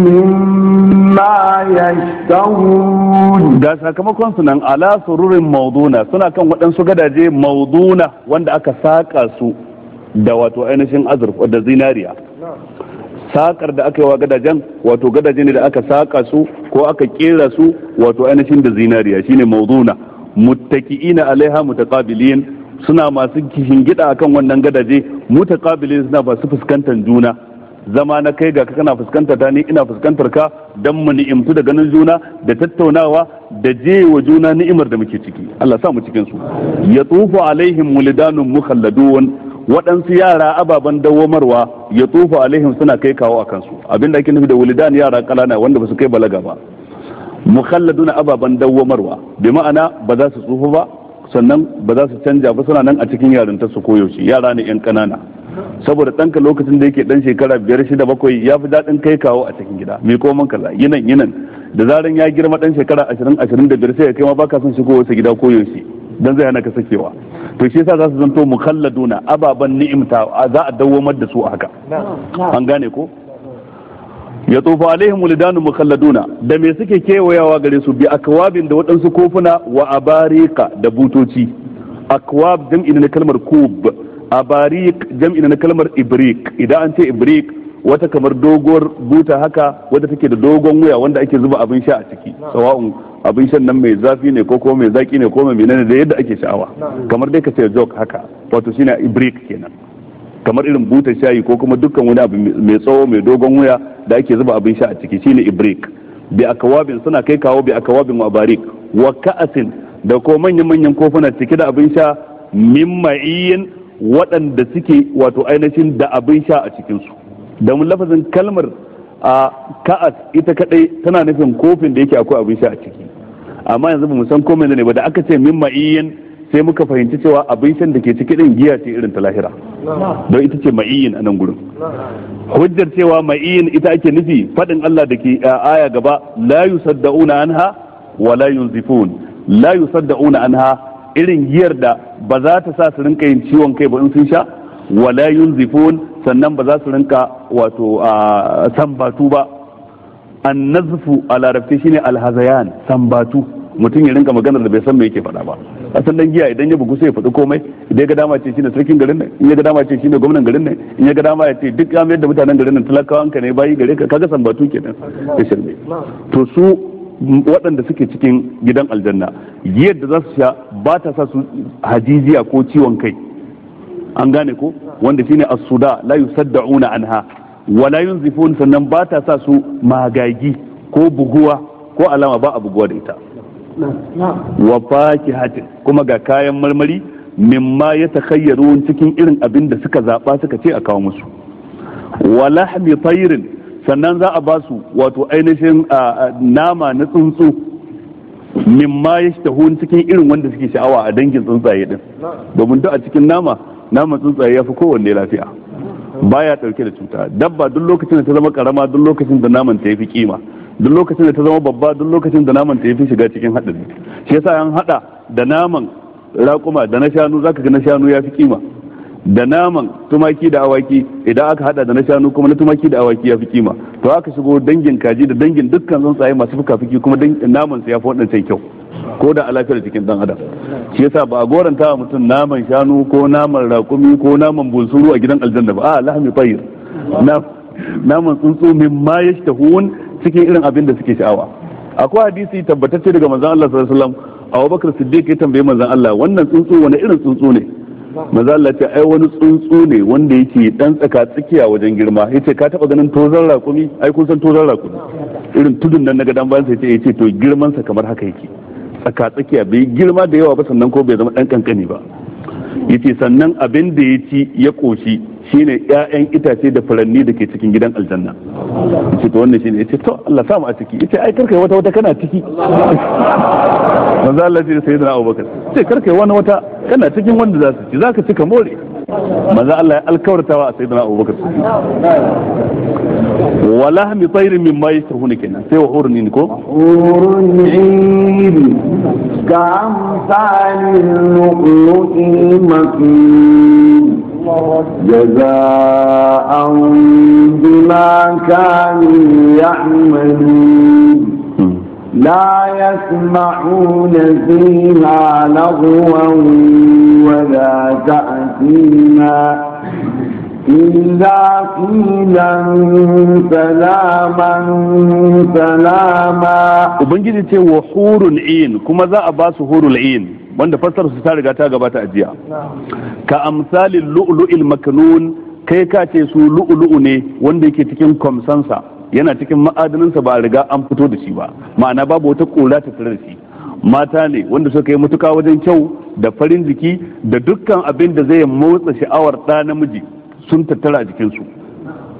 مما يشتهون da sakamakon su nan ala sururin mauduna suna kan waɗansu gadaje mauduna wanda aka saƙa su da wato ainihin azurfa da zinariya sakar da aka yi wa gadajen wato gadaje ne da aka saka su ko aka ƙera su wato ainihin da zinariya shine mauduna muttaki'ina alaiha mutaqabilin suna masu kishin gida akan wannan gadaje mutakabili suna masu fuskantar juna zama na kai ga kana fuskantar ta ni ina fuskantar ka don mu ni'imtu da ganin juna da tattaunawa da jewa juna ni'imar da muke ciki Allah sa mu cikin su tsufa alaihim mulidanun mukhalladun waɗansu yara ababen dawomarwa ya tsufa alaihim suna kai kawo a kansu abinda ake nufi da wulidan yara kalana wanda ba su kai balaga ba mukhalladuna ababen dawomarwa bi ma'ana ba za su tsufa ba sannan ba za su canja ba suna nan a cikin yarinta su koyaushe yara ne yan kanana saboda ɗanka lokacin da yake ɗan shekara biyar shida bakwai ya fi daɗin kai kawo a cikin gida mai koman kaza yinan yinan da zaran ya girma ɗan shekara ashirin ashirin da biyar sai ya kai ma baka son shigo wasu gida koyaushe dan zai hana ka sakewa to shi yasa za su zanto mukhalladuna ababan ni'imta za a dawwamar da su a haka an gane ko ya tsofa alaihim wulidanu mukhalladuna da me suke kewayawa gare su bi akwabin da waɗansu kofuna wa abarika da butoci akwab jam'i na kalmar kub abariq jam'i na kalmar ibrik idan an ce ibrik wata kamar doguwar buta haka wadda take da dogon wuya wanda ake zuba abin sha a ciki sawa'un abin shan nan mai zafi ne ko kuma mai zaki ne ko mai menene da yadda ake sha'awa kamar dai ka ce jog haka wato shine ibrik kenan kamar irin butar shayi ko kuma dukkan wani abu mai tsawo mai dogon wuya da ake zuba abin sha a ciki shine ibrik bi akawabin suna kai kawo bi akawabin wa barik wa ka'asin da ko manyan manyan kofuna cike da abin sha min ma'iyin waɗanda suke wato ainihin da abin sha a cikinsu mun lafazin kalmar a ka'as ita kadai tana nufin kofin da yake akwai abin sha a ciki amma yanzu ba mu san komai ne ba da aka ce min ma'iyin sai muka fahimci cewa abin shan da ke cike din giya ce irin ta lahira don ita ce ma'iyin a nan gurin hujjar cewa ma'iyin ita ake nufi Faɗin Allah da ke aya gaba la yusaddauna anha wa la yunzifun la yusaddauna anha irin giyar da ba za ta sa su rinka yin ciwon kai ba in sun sha wa la yunzifun sannan ba za su rinka wato sambatu ba an nazfu a larabci shine alhazayan sambatu mutum ya rinka maganar da bai san me yake faɗa ba asan dan giya idan ya bugu sai ya faɗi komai idan ya ga dama ce shine sarkin garin ne? in ya ga dama ce shine gwamnan garin ne? in ya ga dama ya ce duk ya mayar da mutanen garin nan talakawan ka ne bayi gare ka kaga sambatu kenan ya shirme to su waɗanda suke cikin gidan aljanna yadda za su sha ba ta sa su hajijiya ko ciwon kai an gane ko wanda shine as-suda la yusaddauna anha wala yunzifun sannan ba ta sa su magagi ko buguwa ko alama ba a buguwa da ita wa fakihatin kuma ga kayan marmari mimma ya takhayyarun cikin irin abin da suka zaɓa suka ce a kawo musu wa lahmi sannan za a ba su wato ainihin nama na tsuntsu mimma ya shtahun cikin irin wanda suke sha'awa a dangin tsuntsaye din domin duk a cikin nama nama tsuntsaye ya fi kowanne lafiya baya ɗauke da cuta dabba duk lokacin da ta zama karama duk lokacin da naman ta fi kima duk lokacin da ta zama babba duk lokacin da naman ta fi shiga cikin haɗari shi yasa an haɗa da naman raƙuma da na shanu zaka ga na shanu ya fi kima da naman tumaki da awaki idan aka hada da na shanu kuma na tumaki da awaki ya fi kima to aka shigo dangin kaji da dangin dukkan tsuntsaye masu fuka-fuki kuma naman su ya fi waɗancan kyau ko da a lafiyar jikin dan adam shi yasa ba a goranta wa mutum naman shanu ko naman raƙumi ko naman bunsuru a gidan aljanna ba a lahami tayir naman tsuntsu min ma yashtahun cikin irin abin da suke sha'awa akwai hadisi tabbatacce daga manzon Allah sallallahu alaihi wasallam Abubakar Siddiq ya tambaye manzon Allah wannan tsuntsu wani irin tsuntsu ne manzon Allah ce ai wani tsuntsu ne wanda yake dan tsaka tsakiya wajen girma yace ka taba ganin tozan rakumi ai kun san tozan rakumi irin tudun nan na gadan bayan sai yace to girman sa kamar haka yake tsaka tsakiya bai girma da yawa ba sannan ko bai zama dan kankani ba yace sannan abin da ya ci ya koshi shine ƴaƴan itace da furanni da ke cikin gidan aljanna ce to wannan shine yace to Allah samu a ciki yace ai karkai wata wata kana ciki manzo Allah ce sayyidina Abubakar ce karkai wani wata kana cikin wanda za su ci zaka cika more manzo Allah ya alkawartawa a sayyidina Abubakar wala mi tsairi min ma yi kenan sai wa hurun ko hurun in ka amsalin lu'lu'il makin جزاء بما كانوا يعملون لا يسمعون فيها لغوا ولا تأثيما إلا قيلا سلاما سلاما وبنجد تي وحور العين كما ذا أباس حور العين wanda su ta riga ta gabata a jiya ka amsalin lu'lu'il maknun kai ka ce su lu'lu'u ne wanda yake cikin kwamsansa yana cikin ma'adaninsa ba riga an fito da shi ba ma'ana babu wata kula ta tare da shi mata ne wanda suka yi mutuka wajen kyau da farin jiki da dukkan abin da zai motsa sha'awar ɗa namiji sun tattara jikinsu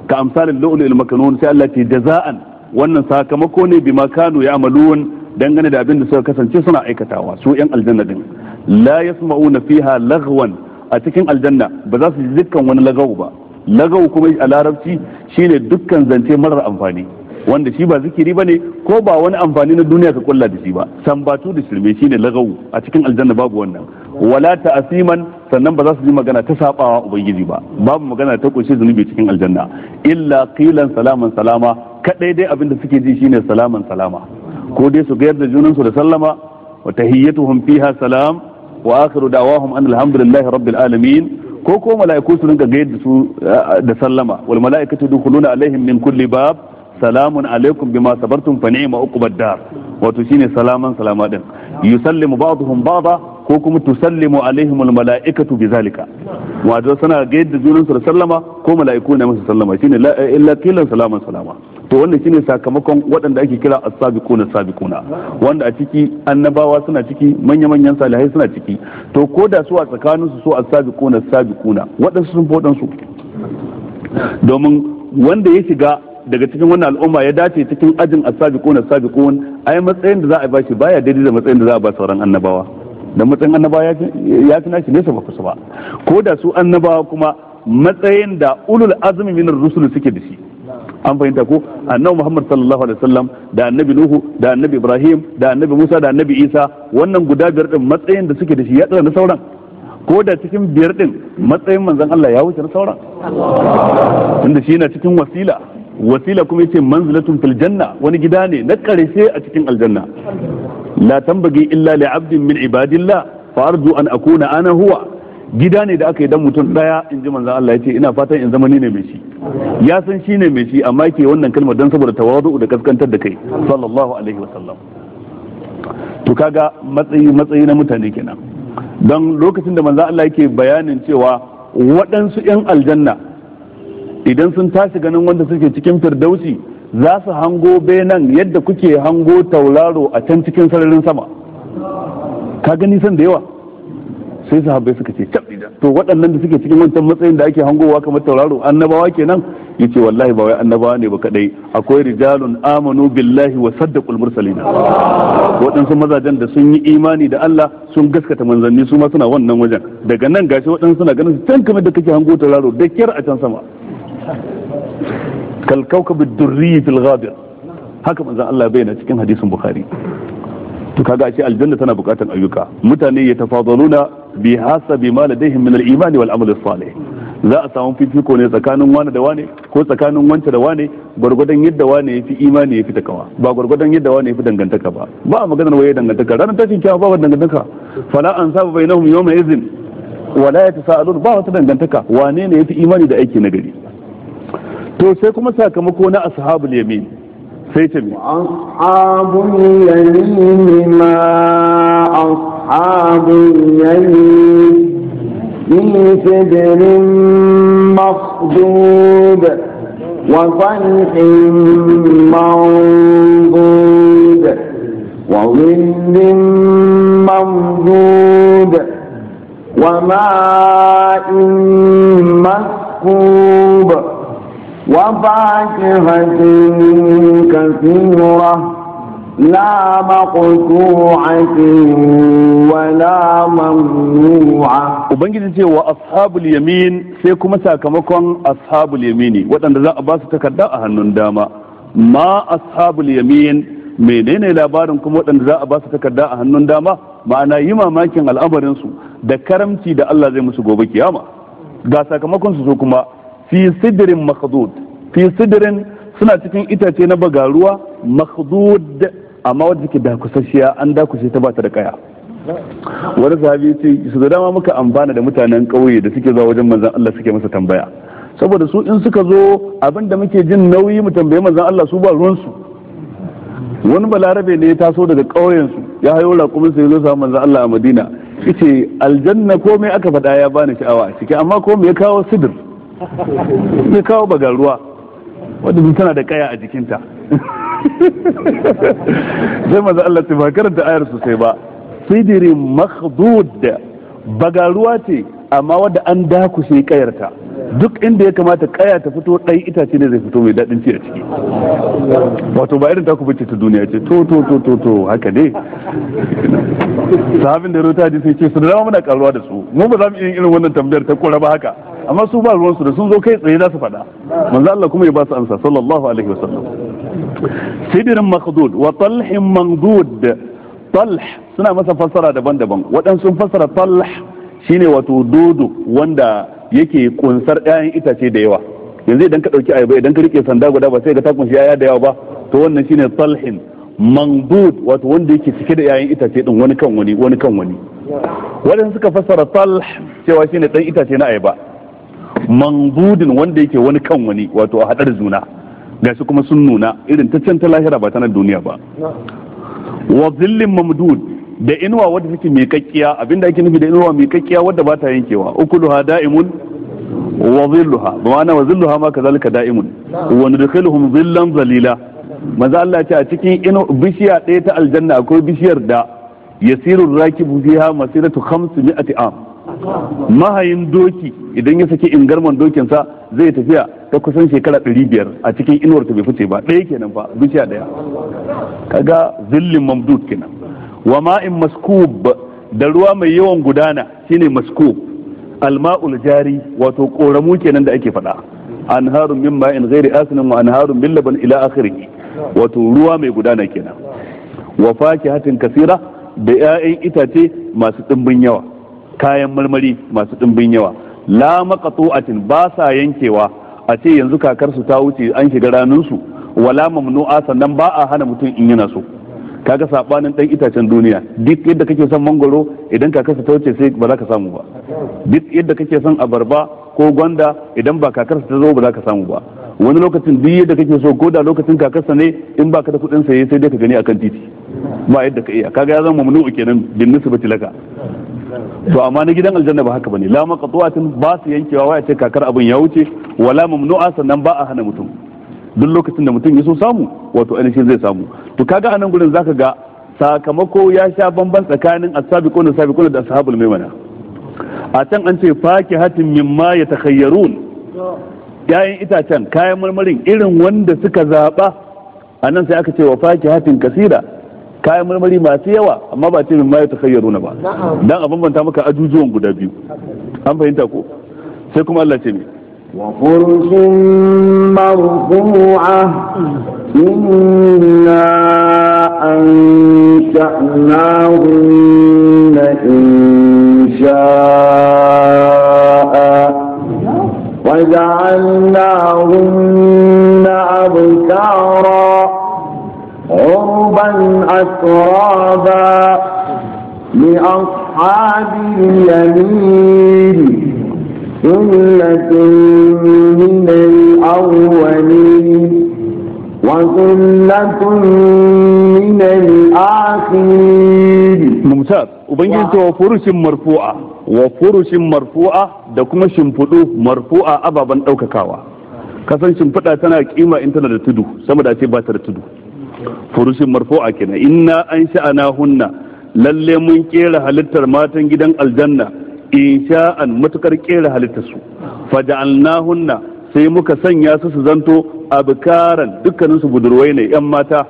ka amsalin lu'lu'il maknun sai Allah ce jaza'an wannan sakamako ne bima ya ya'malun dangane da abin da suka kasance suna aikatawa su yan aljanna din la yasma'una fiha laghwan a cikin aljanna ba za su ji dukkan wani lagau ba lagau kuma a larabci shine dukkan zance marar amfani wanda shi ba zikiri bane ko ba wani amfani na duniya ka kulla da shi ba sambatu da shirme shine lagau a cikin aljanna babu wannan wala ta'asiman sannan ba za su ji magana ta sabawa ubangiji ba babu magana ta kunshi zunubi cikin aljanna illa qilan salaman salama kadai dai abin da suke ji shine salaman salama ko dai su gayar da junansu da sallama wa tahiyyatuhum fiha salam wa akhiru da'wahum an alhamdulillahi rabbil alamin ko ko mala'iku su rinka gayar da su eh, da sallama wal mala'ikatu dukhuluna alaihim min kulli bab salamun alaikum bima sabartum fa ni'ma uqbad dar wato shine salaman salama din yusallimu ba'dhum ba'dha ko kuma tusallimu alaihim almalaikatu bizalika wato suna ga yadda junan su da sallama ko mala'iku ne masa sallama shine la illa qilan salaman salama to wannan shine sakamakon waɗanda ake kira as-sabiquna sabiquna wanda a ciki annabawa suna ciki manya-manyan salihai suna ciki to ko da su a tsakanin su so as-sabiquna sabiquna waɗansu sun fi su domin wanda ya shiga daga cikin wannan al'umma ya dace cikin ajin as-sabiquna sabiquna ai matsayin da za a bashi baya daidai da matsayin da za a ba sauran annabawa da matsayin annaba ya fi nashi nesa ba kusa ba ko da su annabawa kuma matsayin da ulul azumi minar rusul suke da shi an fahimta ko annabi Muhammad sallallahu alaihi wasallam da annabi Nuhu da annabi Ibrahim da annabi Musa da annabi Isa wannan guda biyar din matsayin da suke da shi ya tsara na sauran ko da cikin biyar din matsayin manzon Allah ya wuce na sauran tunda shi yana cikin wasila wasila kuma yace manzilatun fil janna wani gida ne na karshe a cikin aljanna la tambagi illa li abdin min ibadillah fa arju an akuna ana huwa gida ne da aka yi dan mutum daya in ji manzo Allah yace ina fatan in zama ni ne mai shi ya san shi ne mai shi amma yake wannan kalmar dan saboda tawadu da kaskantar da kai sallallahu alaihi wasallam to kaga matsayi matsayi na mutane kenan don lokacin da manzo Allah yake bayanin cewa waɗansu 'yan aljanna idan sun tashi ganin wanda suke cikin firdausi za su hango benan yadda kuke hango tauraro a can cikin sararin sama ka gani san da yawa sai sahabbai suka ce to waɗannan da suke cikin wancan matsayin da ake hangowa kamar tauraro annabawa kenan yace wallahi ba wai annabawa ne ba kadai akwai rijalun amanu billahi wa saddaqul mursalin waɗansu mazajen da sun yi imani da Allah sun gaskata manzanni su ma suna wannan wajen daga nan gashi waɗansu suna ganin su can kamar da kake hango tauraro da kyar a can sama kalkaukabi durri fil ghadir haka manzon Allah ya bayyana cikin hadisin bukhari to kaga ashe aljanna tana bukatan ayyuka mutane ya tafadaluna bi hasabi ma ladaihim min al-iman wal amal salih za a samu fifiko ne tsakanin wani da wane ko tsakanin wance da wane gwargwadon yadda wane ya fi imani ya fi takawa ba gwargwadon yadda wane ya fi dangantaka ba ba a maganar waye dangantaka ranar tashin kyawa ba dangantaka fala an sabu bainahum yawma izin wala yatasaalun ba wata dangantaka wane ne ya fi imani da aiki na gari to sai kuma sakamako na ashabul yamin sai ta mi ashabul yamin ma ashabul yamin fi sidrin maqdud wa fanhin mawdud wa windin mamdud wa ma'in masqub وفاكهة كثيرة لا مقطوعة ولا ممنوعة Ubangiji ce wa ashabul yamin sai kuma sakamakon ashabul yamini waɗanda za a basu takarda a hannun dama ma ashabul yamin menene labarin kuma waɗanda za a ba su takarda a hannun dama ma'ana yi mamakin al'amarinsu da karamci da Allah zai musu gobe kiyama ga sakamakon su kuma fi sidirin makhdud fi sidirin suna cikin itace na bagaruwa makhdud amma wadda take dakusasshiya an dakushe ta bata da kaya wani sahabi ya ce su da dama muka amfana da mutanen ƙauye da suke zuwa wajen manzan Allah suke masa tambaya saboda su in suka zo abin da muke jin nauyi mu tambaye manzan Allah su ba ruwan su. wani balarabe ne ya taso daga su ya hayo raƙumin sai ya zo sa manzon Allah a Madina yace aljanna komai aka faɗa ya bani sha'awa a ciki amma komai ya kawo sidir sai kawo bagaruwa wadda tana da kaya a jikinta sai maza Allah ce ba karanta ayar sosai ba sidirin makhdud bagaruwa ce amma wadda an dakushe kayarta duk inda ya kamata kaya ta fito ɗai itace ne zai fito mai daɗin ci a ciki wato ba irin taku bace ta duniya ce to to to to to haka ne sahabin da rota ji sai ce su da dama muna karuwa da su mu ba za mu iya irin wannan tambayar ta kora ba haka amma su ba ruwansu da sun zo kai tsaye za su faɗa manzo Allah kuma ya ba su amsa sallallahu alaihi wasallam sidrin maqdud wa talhin mangdud talh suna masa fassara daban-daban waɗansu fassara talh shine wato dodo wanda yake kunsar ɗayan itace da yawa yanzu idan ka ɗauki ayaba idan ka rike sanda guda ba sai ka takunshi ya yaya da yawa ba to wannan shine talhin mangdud wato wanda yake cike da yayan itace din wani kan wani wani kan wani wadanda suka fassara talh cewa shine dan itace na ayaba manzudin wanda yake wani kan wani wato a hadar juna gashi kuma sun nuna irin ta can ta lahira ba ta nan duniya ba wa zillin mamdud da inuwa wadda take mai kakkiya abinda ake nufi da inuwa mai kakkiya wadda ba ta yankewa ukuluha da'imun wa zilluha ba ma'ana wa zilluha ma kazalika da'imun wa nudkhiluhum zillan zalila maza Allah ce a cikin bishiya ɗaya ta aljanna akwai bishiyar da yasirur rakibu fiha masiratu 500 am mahayin doki idan ya saki ingarman dokinsa zai tafiya ta kusan shekara 500 a cikin inuwar ta bai fice ba ɗaya kenan ba bishiya ɗaya kaga zillin mamdud kenan wa ma'in maskub da ruwa mai yawan gudana shine maskub alma'ul jari wato koramu kenan da ake faɗa anharun min ma'in ghairi asinin wa anharun min laban ila akhirih wato ruwa mai gudana kenan wa fakihatin kasira da 'ya'yan itace masu ɗimbin yawa kayan marmari masu ɗimbin yawa la maqtu'atin ba sa yankewa a ce yanzu kakar su ta wuce an shiga ranun su wala mamnu'a sannan ba a hana mutum in yana so kaga sabanin dan itacen duniya duk yadda kake son mangoro idan kakar su ta wuce sai ba za ka samu ba duk yadda kake son abarba ko gwanda idan ba kakar su ta zo ba za ka samu ba wani lokacin duk yadda kake so ko da lokacin kakarsa ne in ba ka da kuɗin saye sai dai ka gani akan titi ba yadda ka iya kaga ya zama mamnu'u kenan bin nisbati laka to amma na gidan aljanna ba haka bane la maqtu'atin ba su yankewa waya ce kakar abin ya wuce wala mamnu'a sannan ba a hana mutum duk lokacin da mutum ya so samu wato ainihin zai samu to kaga anan gurin zaka ga sakamako ya sha bamban tsakanin as-sabiqun da sabiqun da ashabul maimana a can an ce fakihatin mimma yatakhayyarun yayin itacen kayan marmarin irin wanda suka zaba anan sai aka ce wa hatin kasira kayan marmari masu yawa amma ba ce min ma ya na ba dan a bambanta maka ajujuwan guda biyu an fahimta ko sai kuma Allah ce mai وفرش مرفوعة إنا Wajen إن شاء abin عربا أترابا لأصحاب اليمين ثلة من الأولين وثلة من الآخرين ممتاز وبنجد فرش مرفوعة وفرش مرفوعة دكما شنفدو مرفوعة أبا بن أوكاكاوا kasan shimfiɗa tana kima in tana da tudu sama da ce ba ta da tudu marfo marfu'a kenan inna an sha'ana hunna lalle mun kera halittar matan gidan aljanna in sha'an matukar kera halittar su faja'alna hunna sai muka sanya su su zanto abkaran dukkanin su budurwai ne yan mata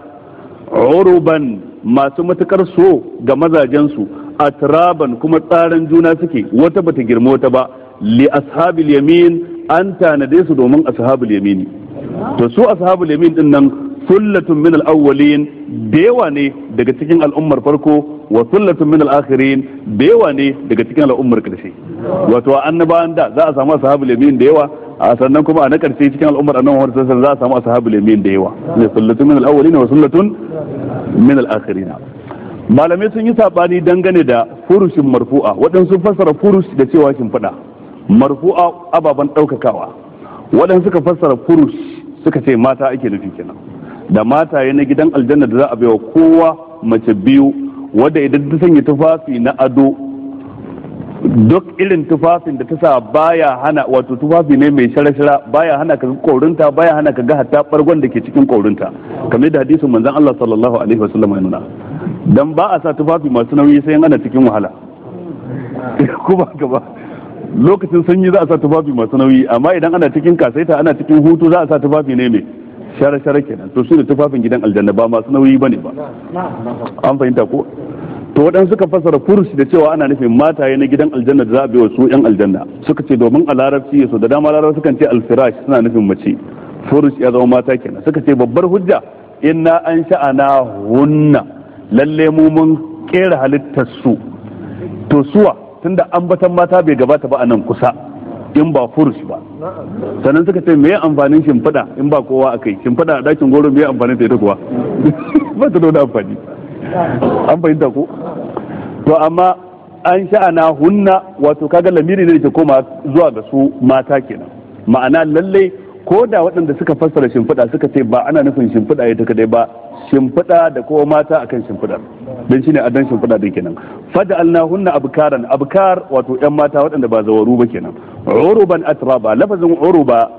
uruban masu matukar so ga mazajen su atraban kuma tsaran juna suke wata bata girma wata ba li ashabil yamin an tanade su domin ashabul yamini to su ashabul yamin din nan sullatun min al-awwalin ne daga cikin al'ummar farko wa sullatun min al-akhirin ne daga cikin al'ummar karshe wato annabawan da za a samu ashabul yamin da yawa a sannan kuma a na karshe cikin al'ummar annabi Muhammad sallallahu za a samu ashabul yamin da yawa ne sullatun min al-awwalin wa sullatun min al-akhirin malamai sun yi sabani dangane da furushin marfu'a waɗansu fassara furush da cewa shimfiɗa marfu'a ababen ɗaukakawa waɗansu suka fassara furush suka ce mata ake nufi kenan da mataye na gidan aljanna da za a baiwa kowa mace biyu wadda idan ta sanya tufafi na ado duk irin tufafin da ta sa baya hana wato tufafi ne mai shara-shara baya hana ka korinta baya hana ka ga hatta bargon da ke cikin korinta kamar da hadisin manzon Allah sallallahu alaihi wasallam ya nuna dan ba a sa tufafi masu nauyi sai ana cikin wahala kuma gaba lokacin sanyi za a sa tufafi masu nauyi amma idan ana cikin kasaita ana cikin hutu za a sa tufafi ne mai share share kenan to su ne tufafin gidan aljanna ba masu nauyi ba ne ba an fahimta ko to waɗansu suka fassara kursi da cewa ana nufin mataye na gidan aljanna da za a biyo su yan aljanna suka ce domin a larabci so da dama larabci sukan ce alfirash suna nufin mace furus ya zama mata kenan suka ce babbar hujja inna an sha'ana hunna lalle mu mun kera halittar su to suwa tunda ambatan mata bai gabata ba a nan kusa in ba furush ba sannan suka ce me amfanin shimfiɗa in ba kowa a kai shimfiɗa a dakin goro me amfanin ta ita kuwa ba ta da amfani an fahimta ko to amma an sha'ana hunna wato kaga lamiri ne da ke koma zuwa ga su mata kenan ma'ana lallai ko da waɗanda suka fassara shimfiɗa suka ce ba ana nufin shimfiɗa ya kadai ba shimfiɗa da kowa mata akan shimfiɗa don a adon shimfiɗa din kenan fada alnahunna abkaran abkar wato yan mata waɗanda ba zawaru ba kenan uruban atraba lafazin uruba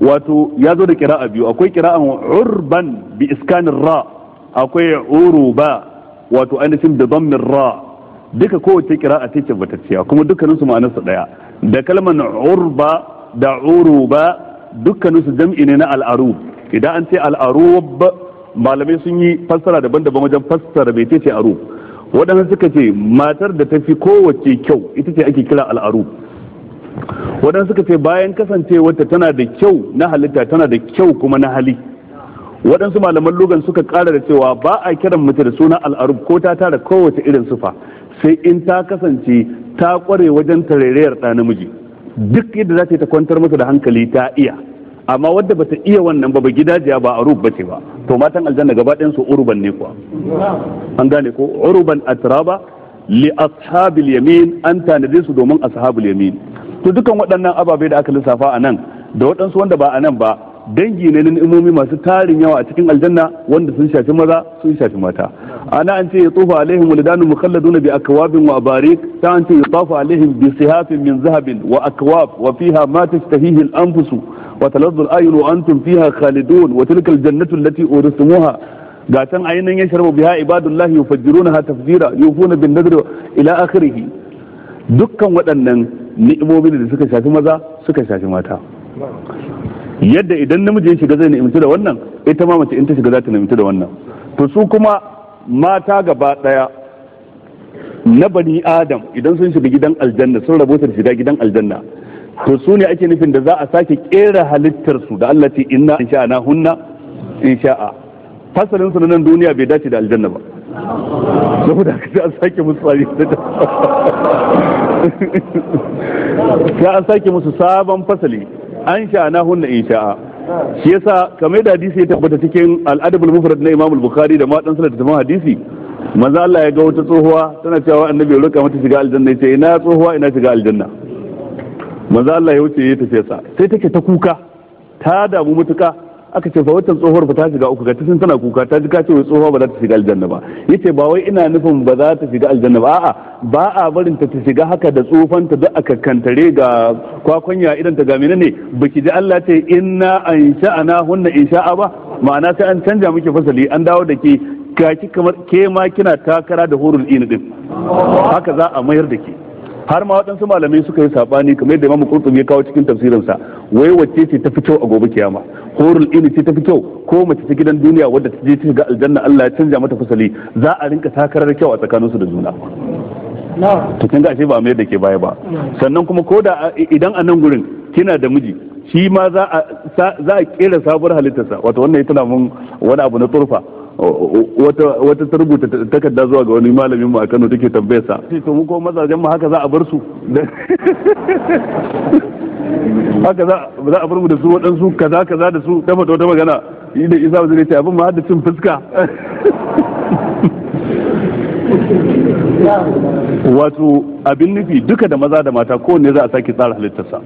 wato ya zo da kira'a biyu akwai kira'an urban bi iskanin ra akwai uruba wato ainihin da zammin ra duka kowace kira'a ce ce kuma dukkaninsu ma'anarsa ɗaya da kalmar urba da uruba dukkaninsu jam'i ne na al'arub idan an ce al'arub malamai sun yi fassara daban-daban wajen fassara bai ce arub waɗanda suka ce matar da ta fi kowace kyau ita ce ake kira al'arub waɗanda suka ce bayan kasancewarta tana da kyau na halitta tana da kyau kuma na hali waɗansu malaman lugan suka ƙara da cewa ba a kiran mace da suna al'arub ko ta tara kowace irin sufa sai in ta kasance ta ƙware wajen tarairayar ɗa namiji duk yadda za ta ta kwantar masa da hankali ta iya amma wadda bata iya wannan ba ba gidajiya ba a ba ce ba to matan aljanna gaba ɗayan su uruban ne kuwa an gane ko uruban atraba li ashabil yamin an tanade su domin ashabul yamin to dukan waɗannan ababe da aka lissafa a nan da waɗansu wanda ba a nan ba dangi ne na ni'imomi masu tarin yawa a cikin aljanna wanda sun shafi maza sun shafi mata ana an ce yatufu alaihim wuldanu mukhalladun bi akwabin wa abarik ta an ce yatafu alaihim bi sihafin min zahabin wa akwab wa fiha ma tashtahihi al-anfusu wa taladdu al-ayun wa antum fiha khalidun wa tilka al-jannatu allati ursumuha ga can ainihin ya sharbu biha ibadullahi yufajjirunaha tafjira yufuna bin ila akhirih dukkan waɗannan ni'imomin da suka shafi maza suka shafi mata yadda idan namiji ya shiga zai ni'imci da wannan ita ma mace in ta shiga za ta ni'imci da wannan to su kuma mata gaba ɗaya na bani adam idan sun shiga gidan aljanna sun rabu su shiga gidan aljanna to su ne ake nufin da za a sake kera halittar su da Allah ce inna in sha'a na hunna in sha'a fasalin su na nan duniya bai dace da aljanna ba saboda haka sai an sake musu tsari sai an sake musu sabon fasali an sha'a na hunna in sha'a shi yasa kamar da hadisi ya tabbata cikin al'adabul mufrad na Imam Bukhari da ma dan sanar da hadisi manzo Allah ya ga wata tsohuwa tana cewa annabi ya roka mata shiga aljanna sai ina tsohuwa ina shiga aljanna manzo Allah ya wuce ya tafi sa sai take ta kuka ta damu mutuka aka ce fa wata tsohuwar ba ta shiga uku ga tun tana kuka ta ji ka ce tsohuwa ba za ta shiga aljanna ba yace ba wai ina nufin ba za ta shiga aljanna ba a'a ba a barin ta shiga haka da tsofanta duk aka kantare ga kwakwanya idan ta gamina ne baki ji Allah ce inna an sha'ana hunna in sha'a ba ma'ana sai an canja miki fasali an dawo da ke kaki kamar ke ma kina takara da hurul ina din haka za a mayar da ke har ma waɗansu malamai suka yi sabani kamar yadda imamu kurtubi ya kawo cikin tafsirinsa wai wacce ce ta fito a gobe kiyama horul ini ce ta fito ko mace ta gidan duniya wadda ta je ta ga aljanna Allah ya canja mata fasali za a rinka takarar kyau a tsakaninsu da juna to kin ga ashe ba mai da ke baya ba sannan kuma ko da idan a nan gurin kina da miji shi ma za a kera sabuwar halittarsa wato wannan ya tana mun wani abu na turfa wata wata ta rubuta takarda zuwa ga wani malamin mu a Kano take tambayar sa to mu ko mazajen mu haka za a bar su haka za a bar mu da su waɗansu kaza kaza da su ta wata magana da isa zai ce abin ma har cin fuska wato abin nufi duka da maza da mata kowanne za a sake tsara halittarsa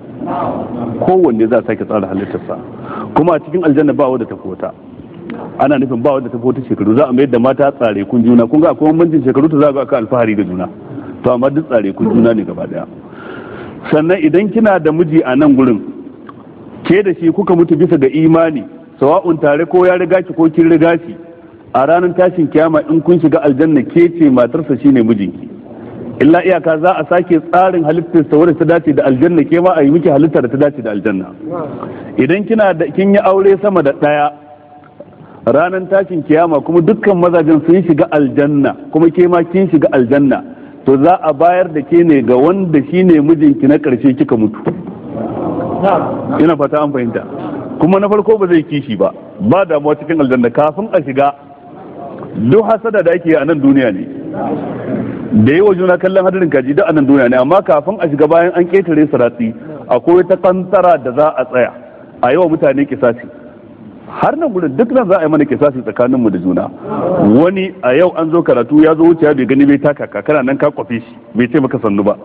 kowanne za a sake tsara halittarsa kuma a cikin aljanna ba wadda ta kota ana nufin ba wanda ta fi wata shekaru za a mayar da mata tsare kun juna kun ga akwai bambancin shekaru ta za ga aka alfahari da juna to amma duk tsare kun juna ne gaba daya sannan idan kina da miji a nan gurin ke da shi kuka mutu bisa ga imani sawa'un tare ko ya riga ki ko kin riga shi a ranar tashin kiyama in kun shiga aljanna ke ce matarsa shine mijinki illa iyaka za a sake tsarin halittar sa wadda ta dace da aljanna ke ma a yi miki halittar da ta dace da aljanna idan kina da kin yi aure sama da daya ranar tashin kiyama kuma dukkan mazajen sun shiga aljanna kuma ke ma kin shiga aljanna to za a bayar da ke ne ga wanda shi ne mijinki na ƙarshe kika mutu ina fata an fahimta kuma na farko ba zai kishi ba ba damuwa cikin aljanna kafin a shiga duk hasada da ake a nan duniya ne da yi wa juna kallon hadarin kaji duk a nan duniya ne amma kafin a shiga bayan an ƙetare saratsi akwai ta kantara da za a tsaya a yi wa mutane kisasi har nan gudun duk nan za a yi mana kisasi tsakanin mu da juna wani a yau an zo karatu ya zo ya bai gani bai taka ka nan ka kwafi shi bai ce maka sannu ba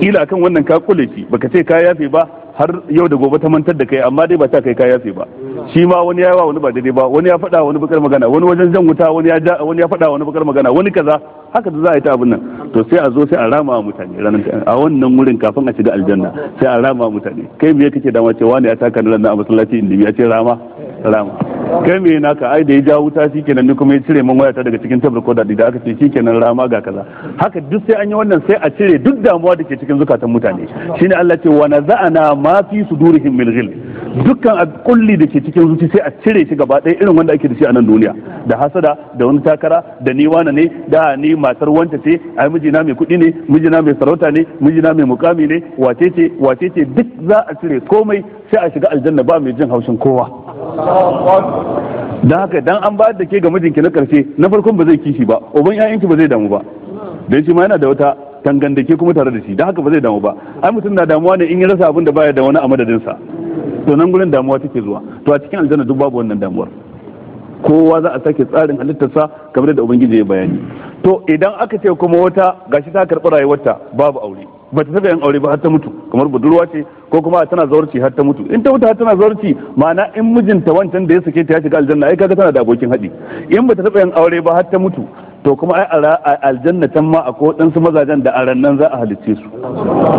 kila kan wannan ka kule shi baka ce ka yafe ba har yau da gobe ta mantar da kai amma dai ba ta kai ka yafe ba shi ma wani ya yawa wani ba daidai ba wani ya faɗa wani bakar magana wani wajen jan wuta wani ya wani ya faɗa wani bakar magana wani kaza haka da za a yi ta abin nan to sai a zo sai a rama wa mutane ranar a wannan wurin kafin a shiga aljanna sai a rama wa mutane kai me kake dama cewa ne ya taka ranar a masallaci inda ya ce rama rama kai me naka ai da ya ja wuta shikenan ni kuma ya cire min wayata daga cikin tabar koda da aka ce shikenan rama ga kaza haka duk sai an yi wannan sai a cire duk damuwa da ke cikin zukatan mutane shine Allah ce wa naza'ana ma fi sudurihim min ghil dukkan a kulli da ke cikin zuci sai a cire shi gaba ɗaya irin wanda ake da shi a nan duniya da hasada da wani takara da ni wane ne da ni matar wanta ce ai mijina mai kuɗi ne mijina mai sarauta ne mijina mai mukami ne wace ce wace ce duk za a cire komai sai a shiga aljanna ba mai jin haushin kowa da haka dan an ba da ke ga mijinki na karshe na farkon ba zai kishi ba uban ƴaƴanki ba zai damu ba dan shi ma yana da wata tangandake kuma tare da shi da haka ba zai damu ba ai mutum na damuwa ne in ya rasa abin da baya da wani a madadinsa to nan gurin damuwa take zuwa to a cikin aljanna duk babu wannan damuwar kowa za a sake tsarin halittarsa kamar da ubangiji ya bayani to idan aka ce kuma wata gashi ta karɓi rayuwarta babu aure ba ta taɓa yin aure ba har ta mutu kamar budurwa ce ko kuma tana zawarci har ta mutu in ta mutu har tana zawarci ma'ana in mijinta wancan da ya sake ta ya shiga aljanna ai kaga tana da abokin haɗi in ba ta taɓa yin aure ba har ta mutu to kuma ai aljanna can ma akwai su mazajen da a nan za a halicce su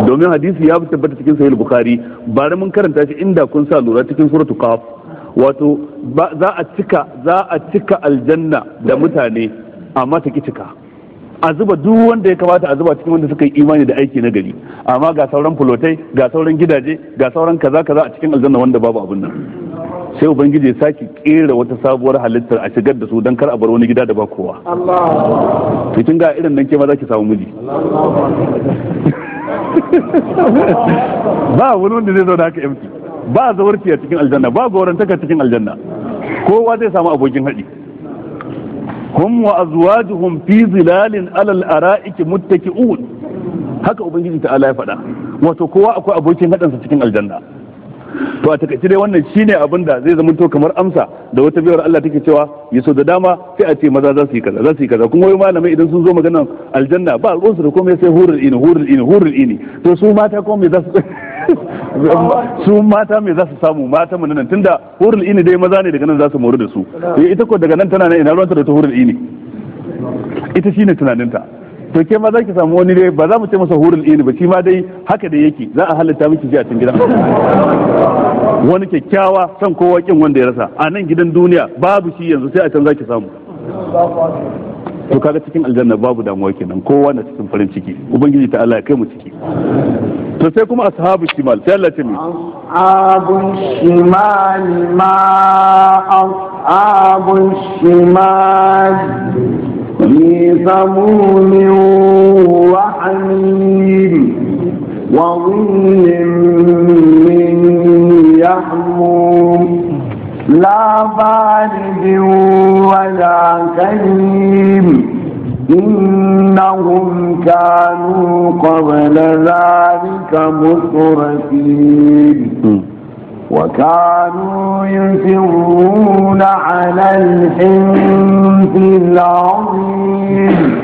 domin hadisi ya tabbata cikin sahih bukhari bare mun karanta shi inda kun sa lura cikin suratul qaf wato za a cika za a cika aljanna da mutane amma ta cika a zuba duk wanda ya kamata a zuba cikin wanda suka yi imani da aiki na gari amma ga sauran fulotai ga sauran gidaje ga sauran kaza kaza a cikin aljanna wanda babu abin nan sai ubangiji ya sake kera wata sabuwar halittar a shigar da su don kar a bar wani gida da ba kowa to kin ga irin nan ke ma zaki samu miji ba wani wanda zai zauna haka empty ba zawarci a cikin aljanna ba gorantaka cikin aljanna kowa zai samu abokin haɗi hum wa azwajuhum fi zilalin alal ara'iki muttaki'un haka ubangiji ta'ala ya faɗa wato kowa akwai abokin haɗansa cikin aljanna to a takaice dai wannan shine abin da zai zama to kamar amsa da wata biyar Allah take cewa yaso da dama sai a ce maza za su yi kaza za su yi kaza kuma wai malamai idan sun zo maganar aljanna ba ruwan su da komai sai hurul ini hurul ini hurul ini to su mata ko me za su su mata me za su samu mata mu nan tunda hurul ini dai maza ne daga nan za su moru da su eh, ita ko daga nan tana nan ina ruwanta da ta hurul ini ita shine tunaninta to ke ma za ki samu wani dai ba za mu ce masa hurul ini ba shi ma dai haka da yake za a halatta miki ji a cikin gidan wani kyakkyawa san kowa kin wanda ya rasa a nan gidan duniya babu shi yanzu sai a can za ki samu to kaga cikin aljanna babu damuwa kenan kowa na cikin farin ciki ubangiji ta Allah ya kai mu ciki to sai kuma ashabu shimal sai Allah ce mu ashabu shimal ma abun shimal في سموم وحميم وظل من يحموم لا بارد ولا كريم إنهم كانوا قبل ذلك مترفين وكانوا يسرون على الحنف العظيم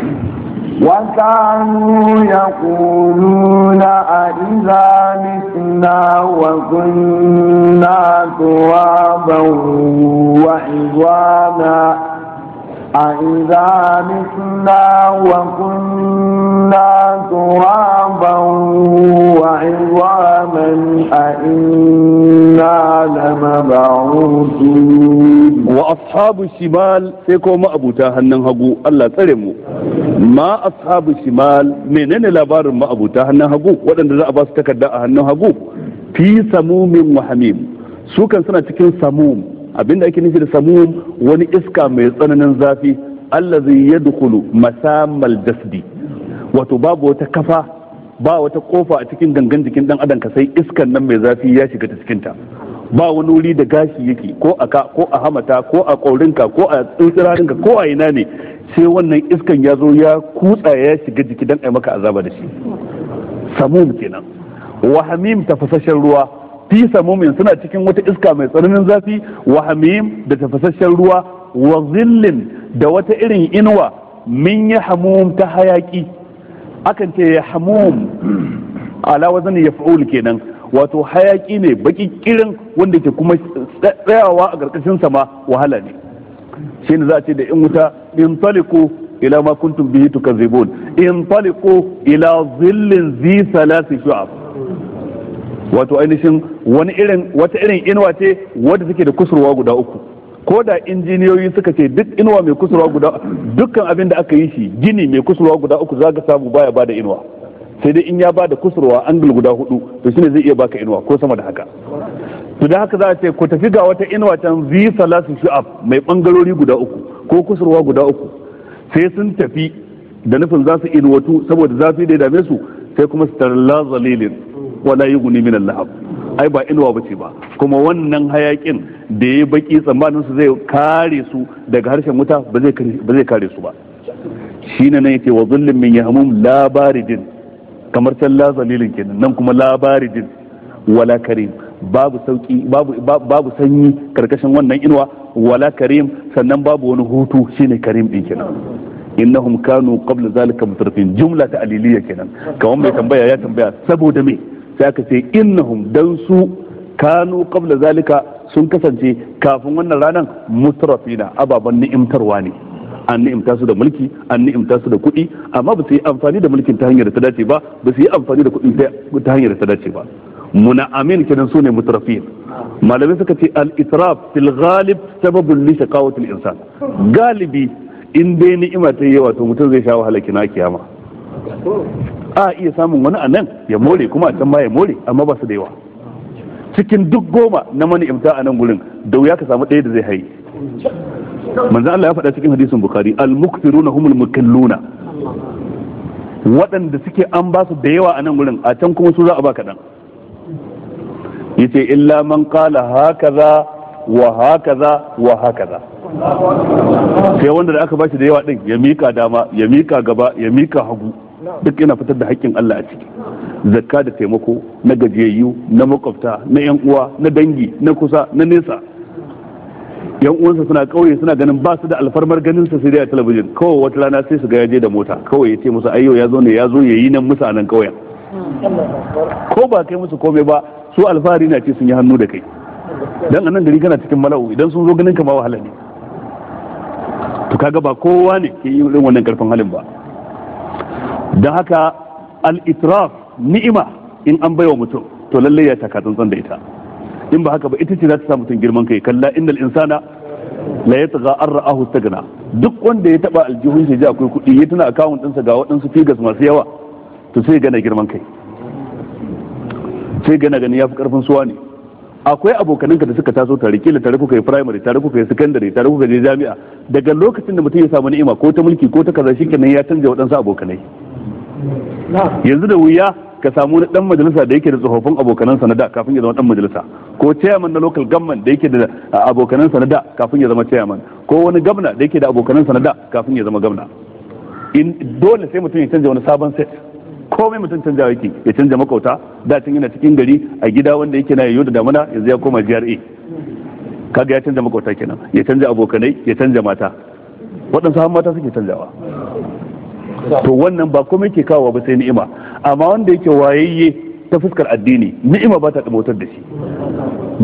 وكانوا يقولون أئذا متنا وكنا ترابا وعظاما A isa Shimal, sai kowa ma'abota hannun hagu, Allah tsare mu. Ma'aikatan Shimal, menene labarin ma'abotan hannun hagu? Waɗanda za a ba su takarda a hannun hagu? Fi samumin wahamin, su kan suna cikin samum abinda ake nufi da samum wani iska mai tsananin zafi Allah zai allazi dukulu masamal dasdi wato babu wata kafa ba wata kofa a cikin gangan jikin dan adam ka sai iskan nan mai zafi ya shiga ta cikin ta ba wani wuri da gashi yake ko a ka ko a hamata ko a kaurinka ko a tsintsirarinka ko a ina ne sai wannan iskan ya zo ya kutsa ya shiga jiki dan ai maka azaba da shi samum kenan wa hamim tafasashen ruwa fi samumin suna cikin wata iska mai tsananin zafi wa hamim da tafasasshen ruwa wa zillin da wata irin inuwa min ya hamum ta hayaki akan ce ya hamum ala wazan ya fa'ul kenan wato hayaki ne baki kirin wanda ke kuma tsayawa a ƙarƙashin sama wahala ne shi ne za a ce da in wuta in taliku ila ma kuntum bihi tukazibun in taliku ila zillin zi salasi shu'ab wato ainihin wani irin wata irin inuwa ce wadda take da kusurwa guda uku ko da injiniyoyi suka ce duk inuwa mai kusurwa guda dukkan abin da aka yi shi gini mai kusurwa guda uku za ka samu baya bada inuwa sai dai in ya bada kusurwa angle guda hudu to shine zai iya baka inuwa ko sama da haka to da haka za a ce ku tafi ga wata inuwa can zi salasu shu'ab mai bangarori guda uku ko kusurwa guda uku sai sun tafi da nufin za su inuwatu saboda zafi da ya dame su sai kuma su tarla zalilin wala yuguni min lahab ai ba inuwa bace ba kuma wannan hayakin da ya baki tsammanin su zai kare su daga harshen wuta ba zai kare su ba shine ne yake wa zullin min yahmum labaridin kamar san la kenan nan kuma labaridin wala karim babu sauki babu babu sanyi karkashin wannan inuwa wala karim sannan babu wani hutu shine karim din kenan innahum kanu qabla zalika mutrafin jumla ta aliliya kenan kamar mai tambaya ya tambaya saboda me sai aka ce innahum dan su kanu qabla zalika sun kasance kafin wannan ranar mutrafina ababan ni'imtarwa ne an ni'imta su da mulki an ni'imta su da kuɗi amma ba su yi amfani da mulkin ta hanyar da ta dace ba ba su yi amfani da kuɗi ta hanyar da ta dace ba muna amin kenan su ne mutrafin malamai suka ce al-israf fil ghalib sababun li shaqawatil insan galibi in dai ni'ima ta yawa to mutum zai sha wahala kina kiyama a iya samun wani a nan ya more kuma a can ma ya more amma ba su da yawa cikin duk goma na mani imta a nan gurin da wuya ka samu ɗaya da zai haye manzan Allah ya faɗa cikin hadisin bukari al-muktiruna humul mukalluna waɗanda suke an ba su da yawa a nan gurin a can kuma su za a ba kaɗan yace illa man qala hakaza wa hakaza wa hakaza sai wanda da aka ba shi da yawa din ya mika dama ya mika gaba ya mika hagu duk yana fitar da haƙƙin Allah a ciki zakka da taimako na gajiyayyu na makwabta na yan uwa na dangi na kusa na nesa yan uwansa suna kauye suna ganin ba su da alfarmar ganin sa sai dai a talabijin kawai wata rana sai su ga yaje da mota kawai ya ce musu ayyo ya zo ne ya zo yayi nan musu a nan kauyen ko ba kai musu komai ba su alfahari na ce sun yi hannu da kai dan anan gari kana cikin mala'u idan sun zo ganin ka ma wahala ne to kaga ba kowa ne ke yi irin wannan karfin halin ba don haka al ni'ima in an baiwa mutum to lallai ya taka tsantsan da ita in ba haka ba ita ce za ta sa mutum girman kai kalla inda insana la yatgha an ra'ahu gana. duk wanda ya taba aljihun shi akwai kuɗi ya tuna akawun ɗinsa ga waɗansu figas masu yawa to sai gana girman kai sai gana gani fi karfin suwa ne akwai abokananka da suka taso tare kila tare kuka yi primary tare kuka yi secondary tare kuka yi jami'a daga lokacin da mutum ya samu ni'ima ko ta mulki ko ta kaza kenan ya canja waɗansu abokanai yanzu da wuya ka samu wani dan majalisa da yake da tsofaffin abokanansa na da kafin ya zama dan majalisa ko chairman na local government da yake da abokanansa na da kafin ya zama chairman ko wani gwamna da yake da abokanansa na da kafin ya zama gwamna in dole sai mutum ya canja wani sabon set komai mutum canja yake ya canja makauta da tun yana cikin gari a gida wanda yake na yayo da damana yanzu ya koma GRA kaga ya canja makauta kenan ya canja abokanai ya canja mata waɗansu har mata suke canjawa to wannan ba komai ke kawo ba sai ni'ima amma wanda yake wayayye ta fuskar addini ni'ima ba ta kamautar da shi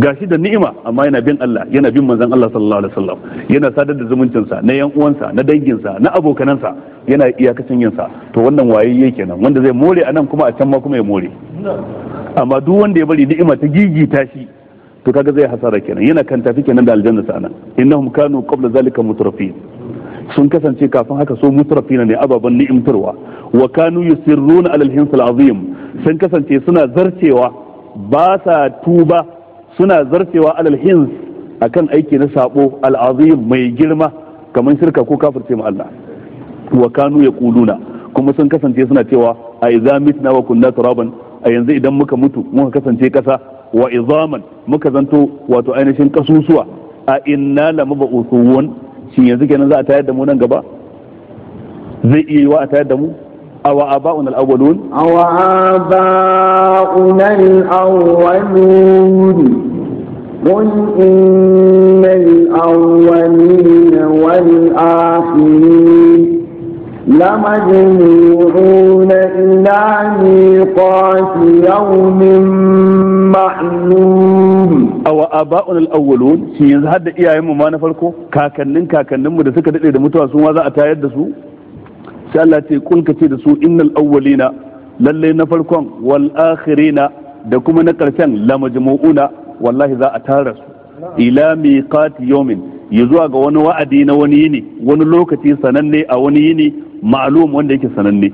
gashi da ni'ima amma yana bin Allah yana bin manzon Allah sallallahu alaihi wasallam yana sadar da zumuncinsa na yan uwansa na sa na abokanansa yana iyakacin yin sa to wannan wayayye kenan wanda zai more a nan kuma a can ma kuma ya more amma duk wanda ya bari ni'ima ta gigita shi to kaga zai hasara kenan yana kan tafi kenan da aljanna sa nan innahum kanu qabla zalika mutrafin sun kasance kafin haka so mutrafina ne ababan ni'imtarwa wa kanu yusirruna alal hinsul azim sun kasance suna zarcewa ba sa tuba suna zarcewa alal hins akan aiki na sabo al azim mai girma kamar shirka ko kafirce ma Allah wa kanu yaquluna kuma sun kasance suna cewa a idza mitna wa kunna turaban a yanzu idan muka mutu muka kasance kasa wa izaman muka zanto wato ainihin kasusuwa a inna lamab'uthun Shin yanzu kenan za a tayar da mu nan gaba zai iya yiwa a tayar da mu awa a ba'un al'awalun awa a ba'un al'awalun wani innal awwalina wal akhirin lama jinuuna illa yau yawmin ma'lum aw aba'un al-awwalun shin yanzu hadda mu ma na farko kakannin kakanninmu da suka dade da mutuwa su ma za a tayar da su sai Allah ce kul ce da su innal awwalina lalle na farkon wal akhirina da kuma na karshen la majmu'una wallahi za a tara su ila miqat yawmin ya zuwa ga wani wa'adi na wani yini wani lokaci sananne a wani yini ma'lum wanda yake sananne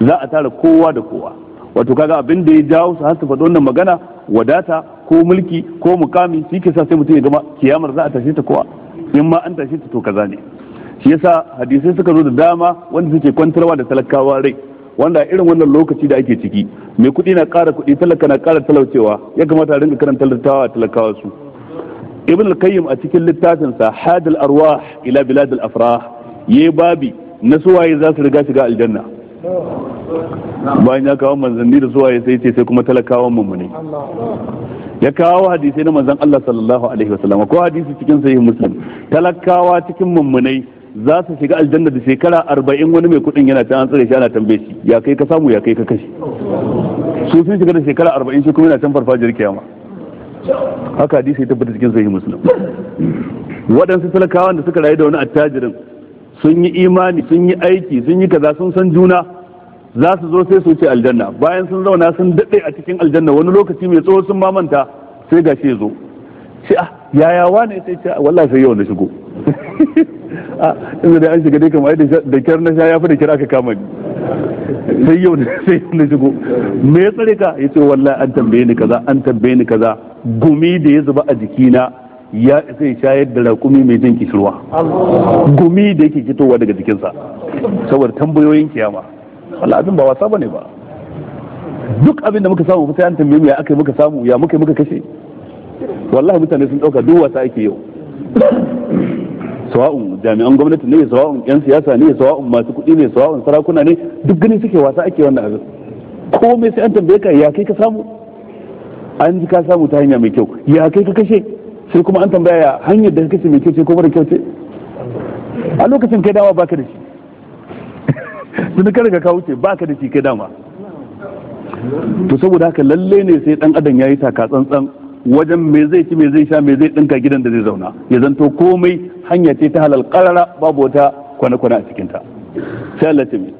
za a tara kowa da kowa wato kaga abin da ya jawo su har su faɗi wannan magana wadata ko mulki ko mukami shi ke sa sai mutum ya gama kiyamar za a tashe ta kowa in ma an tashe ta to kaza ne shi yasa hadisai suka zo da dama wanda suke kwantarwa da talakawa rai wanda irin wannan lokaci da ake ciki mai kuɗi na ƙara kuɗi talaka na ƙara talaucewa ya kamata a ringa karanta littawa talakawa su ibn al-qayyim a cikin littafin sa hadal arwah ila bilad al-afrah yayi babi na suwaye za su riga shiga aljanna bayan ya kawo manzanni da ya sai ce sai kuma talakawan mummune ya kawo hadisai na manzan Allah sallallahu alaihi wasallam ko hadisi cikin sahih muslim talakawa cikin mummunai za su shiga aljanna da shekara arba'in wani mai kudin yana can an tsare shi ana tambaye shi ya kai ka samu ya kai ka kashe su sun shiga da shekara arba'in shi kuma yana can farfajiyar kiyama haka hadisi ya tabbata cikin sahih muslim waɗansu talakawan da suka rayu da wani attajirin sun yi imani sun yi aiki sun yi kaza sun san juna za su zo sai su wuce aljanna bayan sun zauna sun daɗe a cikin aljanna wani lokaci mai tsawo sun mamanta sai ga shi zo ah, ce ah yaya ne sai ce wallah sai yau na shigo a ah, inda dai an shiga dai kamar da kyar na sha ya fi da kyar aka kama ni sai yau na shigo me ya tsare ka ce wallah an tambaye ni kaza an tambaye ni kaza gumi da ya zuba a jikina ya isa shayar da raƙumi mai jin kishirwa gumi da yake kitowa daga jikinsa saboda tambayoyin kiyama wala abin ba wasa bane ba duk abin da muka samu mu an tambaye mu ya akai muka samu ya muka muka kashe wallahi mutane sun dauka duk wasa ake yau sawa'un jami'an gwamnati ne sawa'un yan siyasa ne sawa'un masu kuɗi ne sawa'un sarakuna ne duk gani suke wasa ake wannan abin komai sai an tambaye ka ya kai ka samu an ji ka samu ta hanya mai kyau ya kai ka kashe sai kuma an tambaya hanyar da ka kashe mai kyau ce ko mara kyau ce a lokacin kai dawa baka da shi tun ka riga ka wuce ka da shi kai dama to saboda haka lalle ne sai dan adam yayi taka tsantsan wajen me zai ci me zai sha me zai dinka gidan da zai zauna ya zanto komai hanya ce ta halal qarara babu wata kwana-kwana a cikin ta sai Allah ta mi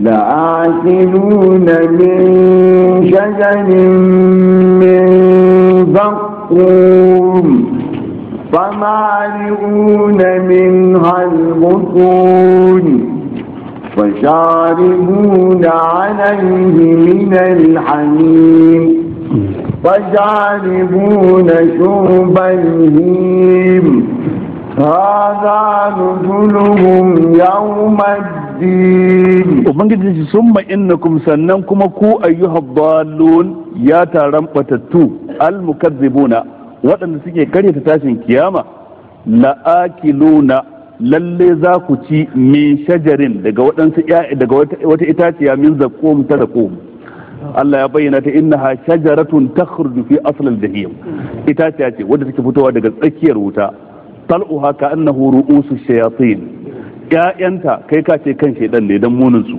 لآكلون من شجر من زقوم فمالئون منها البطون وشاربون عليه من الحميم وشاربون شرب الهيم هذا نزلهم يوم الدين Ubangiji ji sun kum sannan kuma ku ayyuhar balon ya taron batattu almukazzibuna waɗanda suke ta tashin kiyama la'akiluna lalle za ku ci mai shajarin daga waɗansu daga wata itaciya min zakkum ta zakkum Allah ya bayyana ta inna ha shajaratun ta fi asalin jahiyam itaciya ce wadda take fitowa daga tsakiyar wuta tal'uha ka annahu ru'usu shayatin ya'yanta kai ka ce kan shedan ne dan munin su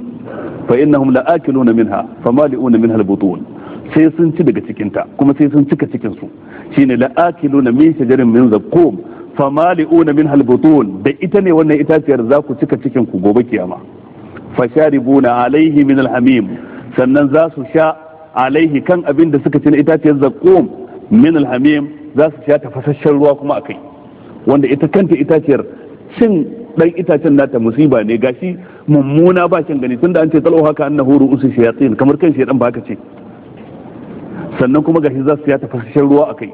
fa innahum la'akiluna minha famali'una minha al-butun sai sun ci daga cikin ta kuma sai sun cika cikin su shine la'akiluna min shajarin min zakum famali'una minha al-butun da ita ne wannan itaciyar za ku cika cikin ku gobe kiyama fa fasharibuna alaihi min al-hamim sannan za su sha alaihi kan abin da suka ci na itaciyar zakum min al-hamim za su sha tafasasshen ruwa kuma akai wanda ita kanta itaciyar cin dan itacen nata musiba ne gashi mummuna ba kin gani tunda an ce talo haka annahu ru'usu shayatin kamar kan shedan ba baka ce sannan kuma gashi za su ya tafashin ruwa akai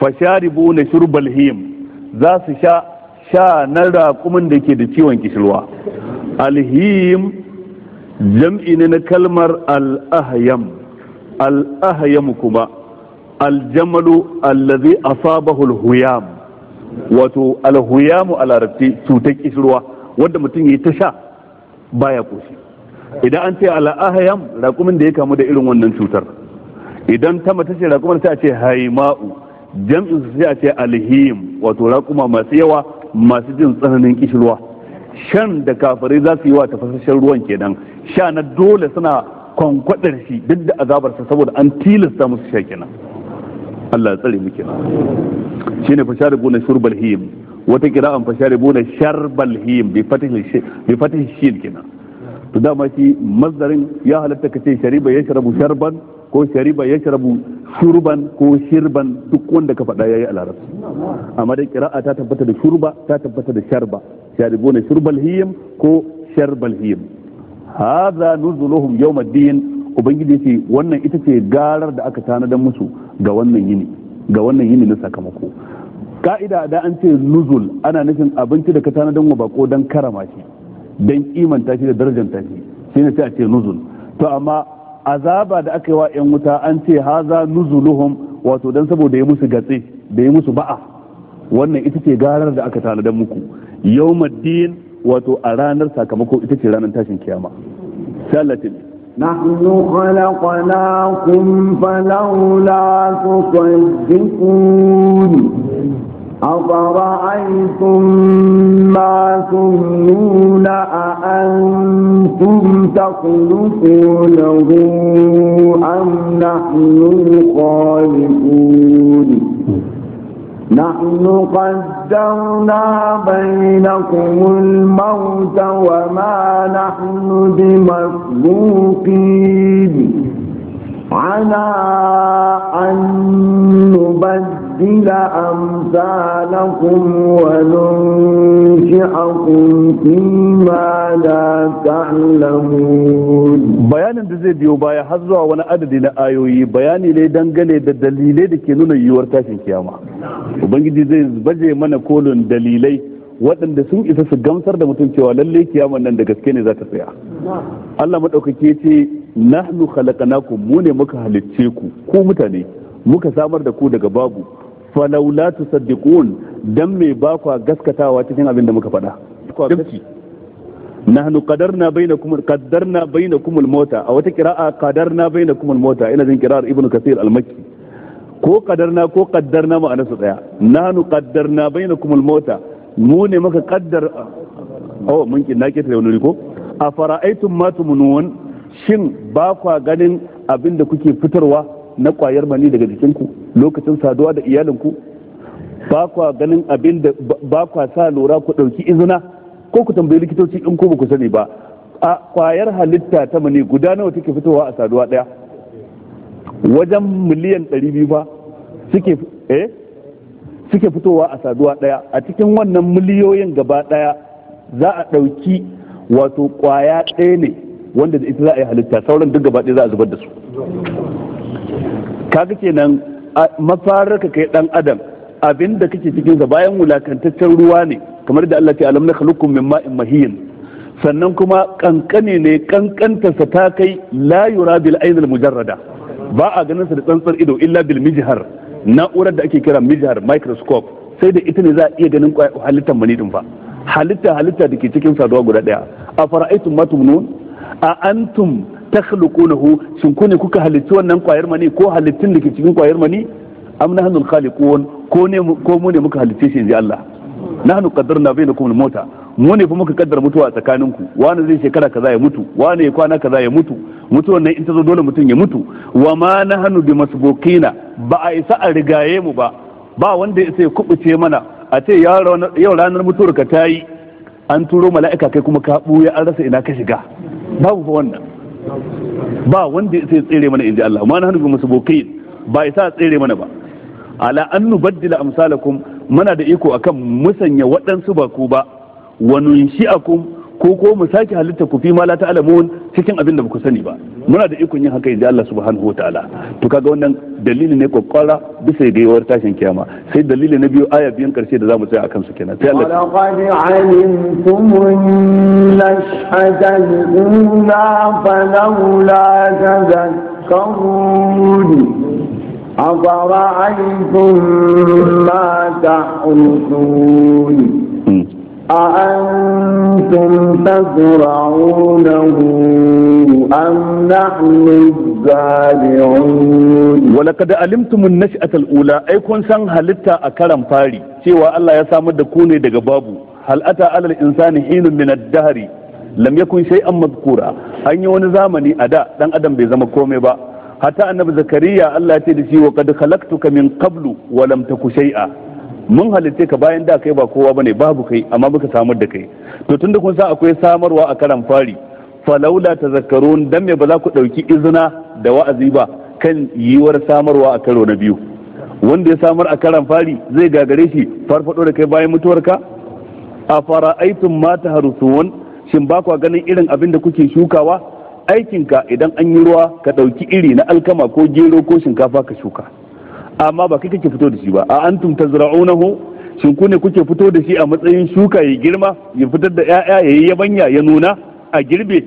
fasharibu na shurbal him za su sha sha na raƙumin da ke da ciwon kishirwa alhim jam'i ne na kalmar al-ahyam kuma aljamalu allazi asabahu huyam wato alhuyamu a larabci cutar kishirwa wadda mutum ya ta sha baya koshi idan an ce al'ahayam raƙumin da ya kamu da irin wannan cutar idan ta mace ce raƙumin sai a ce haima'u jam'in sai a ce alhim wato rakuma masu yawa masu jin tsananin kishirwa shan da kafari za su yi wa tafasasshen ruwan kenan sha na dole suna kwankwadar shi duk da azabarsa saboda an tilasta musu sha kenan Allah ya tsare muke shine na shurbal him wata kira'an fasharibuna sharbal him bi fatih bi fatih shin kina to dama shi mazdarin ya halatta ka ce shariba ya yashrabu sharban ko shariba ya yashrabu shurban ko shirban duk wanda ka faɗa yayi a larabci amma dai kira'a ta tabbata da shurba ta tabbata da sharba na shurbal him ko sharbal him hadha nuzuluhum yawm ad ubangiji ce wannan ita ce garar da aka tanadar musu ga wannan yini ga wannan yini na sakamako ka'ida da an ce nuzul ana nufin abinci da ka tanadar wa bako dan karama shi dan kimanta shi da darajanta shi shine sai a ce nuzul to amma azaba da aka yi wa yan wuta an ce haza nuzuluhum wato dan saboda ya musu gatse da ya musu ba'a wannan ita ce garar da aka tanadar muku yawmaddin wato a ranar sakamako ita ce ranar tashin kiyama sallatin نحن خلقناكم فلولا تصدقون أفرأيتم ما تمنون أأنتم تخلقونه أم نحن الخالقون نحن قدرنا بينكم الموت وما نحن بمسبوقين على أن نبدل أمثالكم وننشئكم فيما لا تعلمون bayanin da zai biyo baya har zuwa wani adadi na ayoyi bayani ne dangane da dalilai da ke nuna yiwuwar tashin kiyama ubangiji zai baje mana kolon dalilai waɗanda sun isa su gamsar da mutum cewa lalle kiyaman nan da gaske ne za ta tsaya Allah maɗaukake ce nahnu ku mu ne muka halicce ku ku mutane muka samar da ku daga babu falaula tusaddiqun dan me ba ku gaskatawa cikin abin da muka faɗa nahnu qadarna bainakum qaddarna bainakum al-mauta a wata qira'a qadarna bainakum al-mauta ina jin qira'ar ibnu kasir al-makki ko qadarna ko qaddarna ma'anarsa daya nahnu qaddarna bainakum al-mauta mu ne maka kaddar oh mun kin nake ta wani ko a fara'aitun ma tumunun shin ba kwa ganin abin da kuke fitarwa na kwayar mani daga jikinku lokacin saduwa da iyalinku ba kwa ganin abin da ba kwa sa lura ku ɗauki izina ko ku tambayi likitoci in ko ba ku sani ba a kwayar halitta ta mani guda nawa take fitowa a saduwa ɗaya wajen miliyan ɗari ba suke eh suke fitowa a saduwa ɗaya a cikin wannan miliyoyin gaba ɗaya za a ɗauki wato ƙwaya ɗaya ne wanda da ita za a yi halitta sauran duk gaba ɗaya za a zubar da su kaga kenan mafarar ka kai ɗan adam abin da kake cikinsa bayan wulakantaccen ruwa ne kamar da Allah ta alam na min ma'in mahiyin sannan kuma kankane ne kankantarsa ta kai la yura bil ainil mujarrada ba a ganin sa da tsantsar ido illa bil mijhar na'urar da ake kira mijihar microscope sai da ita ne za a iya ganin halittar mani ba halitta halitta da ke cikin saduwa guda daya a fara'aitun matumnun a antum takhluqunahu shin ku ne kuka halitta wannan kwayar mani ko halittun da ke cikin kwayar mani am na hannun khaliqun ko ne ko mu ne muka halitta shi inji Allah nahnu na bai al-mauta mu ne fa muka kaddara mutuwa a tsakaninku wani zai shekara kaza ya mutu wani ya kwana kaza ya mutu mutuwan nan in ta zo dole mutum ya mutu wa ma bi bimasbuqina ba a isa a rigaye mu ba ba wanda ya sai kubuce mana a ce yau ranar mutuwar ka ta yi an turo mala'ika kai kuma ka buya an rasa ina ka shiga babu fa wannan ba wanda ya sai tsere mana inji Allah ma na hannu musu bokai ba isa tsere mana ba ala an baddila amsalakum muna da iko akan musanya waɗansu ba ku ba wa nunshi'akum ko ko mu sake halitta ku fi ma ta alamun cikin abin da ku sani ba muna da ikon yin haka inda Allah subhanahu wataala to kaga wannan dalili ne kokkara bisa ga yawar tashin kiyama sai dalili na biyu aya biyan karshe da zamu tsaya akan su kenan sai Allah laqad alimtum lashhadal ula falawla أأنتم تزرعونه أم نحن الزارعون ولقد علمتم النشأة الأولى أي كون سان هلتا أكرم فاري سوى الله يسامد كوني دقا بابو هل أتى على الإنسان حين من الدهر lam yakun shay'an mazkura an yi wani zamani a da ɗan adam bai zama komai ba Hata annabi zakariya Allah ya ce da shi wa qad khalaqtuka min qablu wa lam taku mun halitte ka bayan da kai ba kowa bane babu kai amma muka samar da kai to tunda kun san akwai samarwa a karan fari falaula tazakkarun dan me ba za ku dauki izina da wa'azi ba kan yiwar samarwa a karo na biyu wanda ya samar a karan fari zai gagare shi farfado da kai bayan mutuwarka a fara'aitun mata harusuwan shin ba kwa ganin irin abin da kuke shukawa aikinka idan an yi ruwa ka ɗauki iri na alkama ko gero ko shinkafa ka shuka amma ba kai kake fito da shi ba a antum tazra'unahu shin ku ne kuke fito da shi a matsayin shuka ya girma ya fitar da ya'ya ya yabanya ya nuna a girbe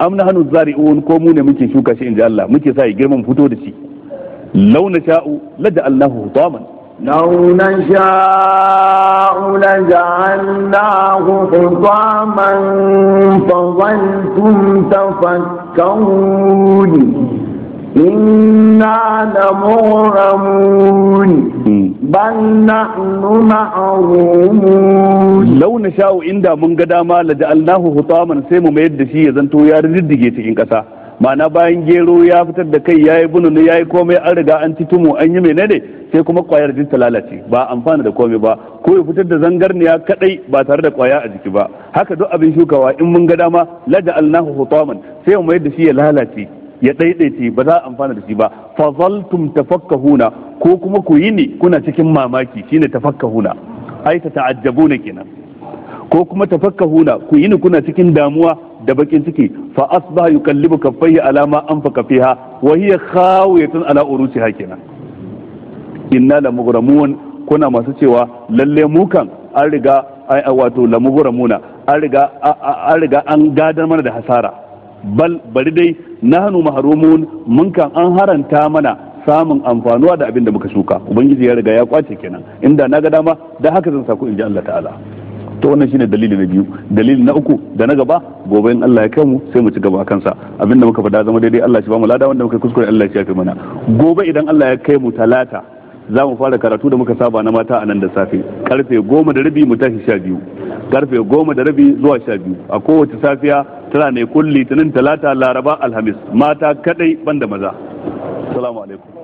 am Zari'u zari'un ko mu ne muke shuka shi inji Allah muke sa ya girma fito da shi law nasha'u laja'alnahu hutaman لو نشاء لجعلناه حطاما فظلتم تفكرون Launa لمغرمون inda mun ga dama laji عند من sai mu mayar سيمو shi ya zanto يا رزدجي cikin ƙasa ma'ana bayan gero ya fitar da kai yi bununu yayi komai an riga an titumu an yi menene sai kuma kwayar jin ta lalace ba amfana da komai ba ko ya fitar da zangarniya kadai ba tare da kwaya a jiki ba haka duk abin shukawa in mun ga dama laji allahu hutaman sai mu mayar da shi ya lalace ya ɗaiɗaici ba za a amfana da shi ba fazaltum tafakkahuna ko kuma ku yi ne kuna cikin mamaki shine tafakkahuna ai ta ta'ajjabuna kenan ko kuma tafakkahuna ku yi ne kuna cikin damuwa da bakin ciki fa asbaha yuqallibu kaffayhi ala ma anfaqa fiha wa hiya khawiyatun ala urusiha kenan inna la kuna masu cewa lalle mukan. an riga wato la mughramuna an riga an riga an gadar mana da hasara bal bari dai nahnu mahrumun mun kan an haranta mana samun amfanuwa da abin da muka shuka ubangiji ya riga ya kwace kenan inda na ga dama da haka zan saku inji Allah ta'ala to wannan shine dalili na biyu dalili na uku da na gaba gobe in Allah ya kai mu sai mu ci gaba kansa abinda muka fada zama daidai Allah shi ba mu lada wanda muka kuskure Allah shi ya fi mana gobe idan Allah ya kai mu talata za mu fara karatu da muka saba na mata a nan da safe karfe goma da rabi mu tashi sha biyu karfe goma da rabi zuwa sha biyu a kowace safiya tana ne kulli Litinin talata laraba alhamis mata kadai banda maza salamu alaikum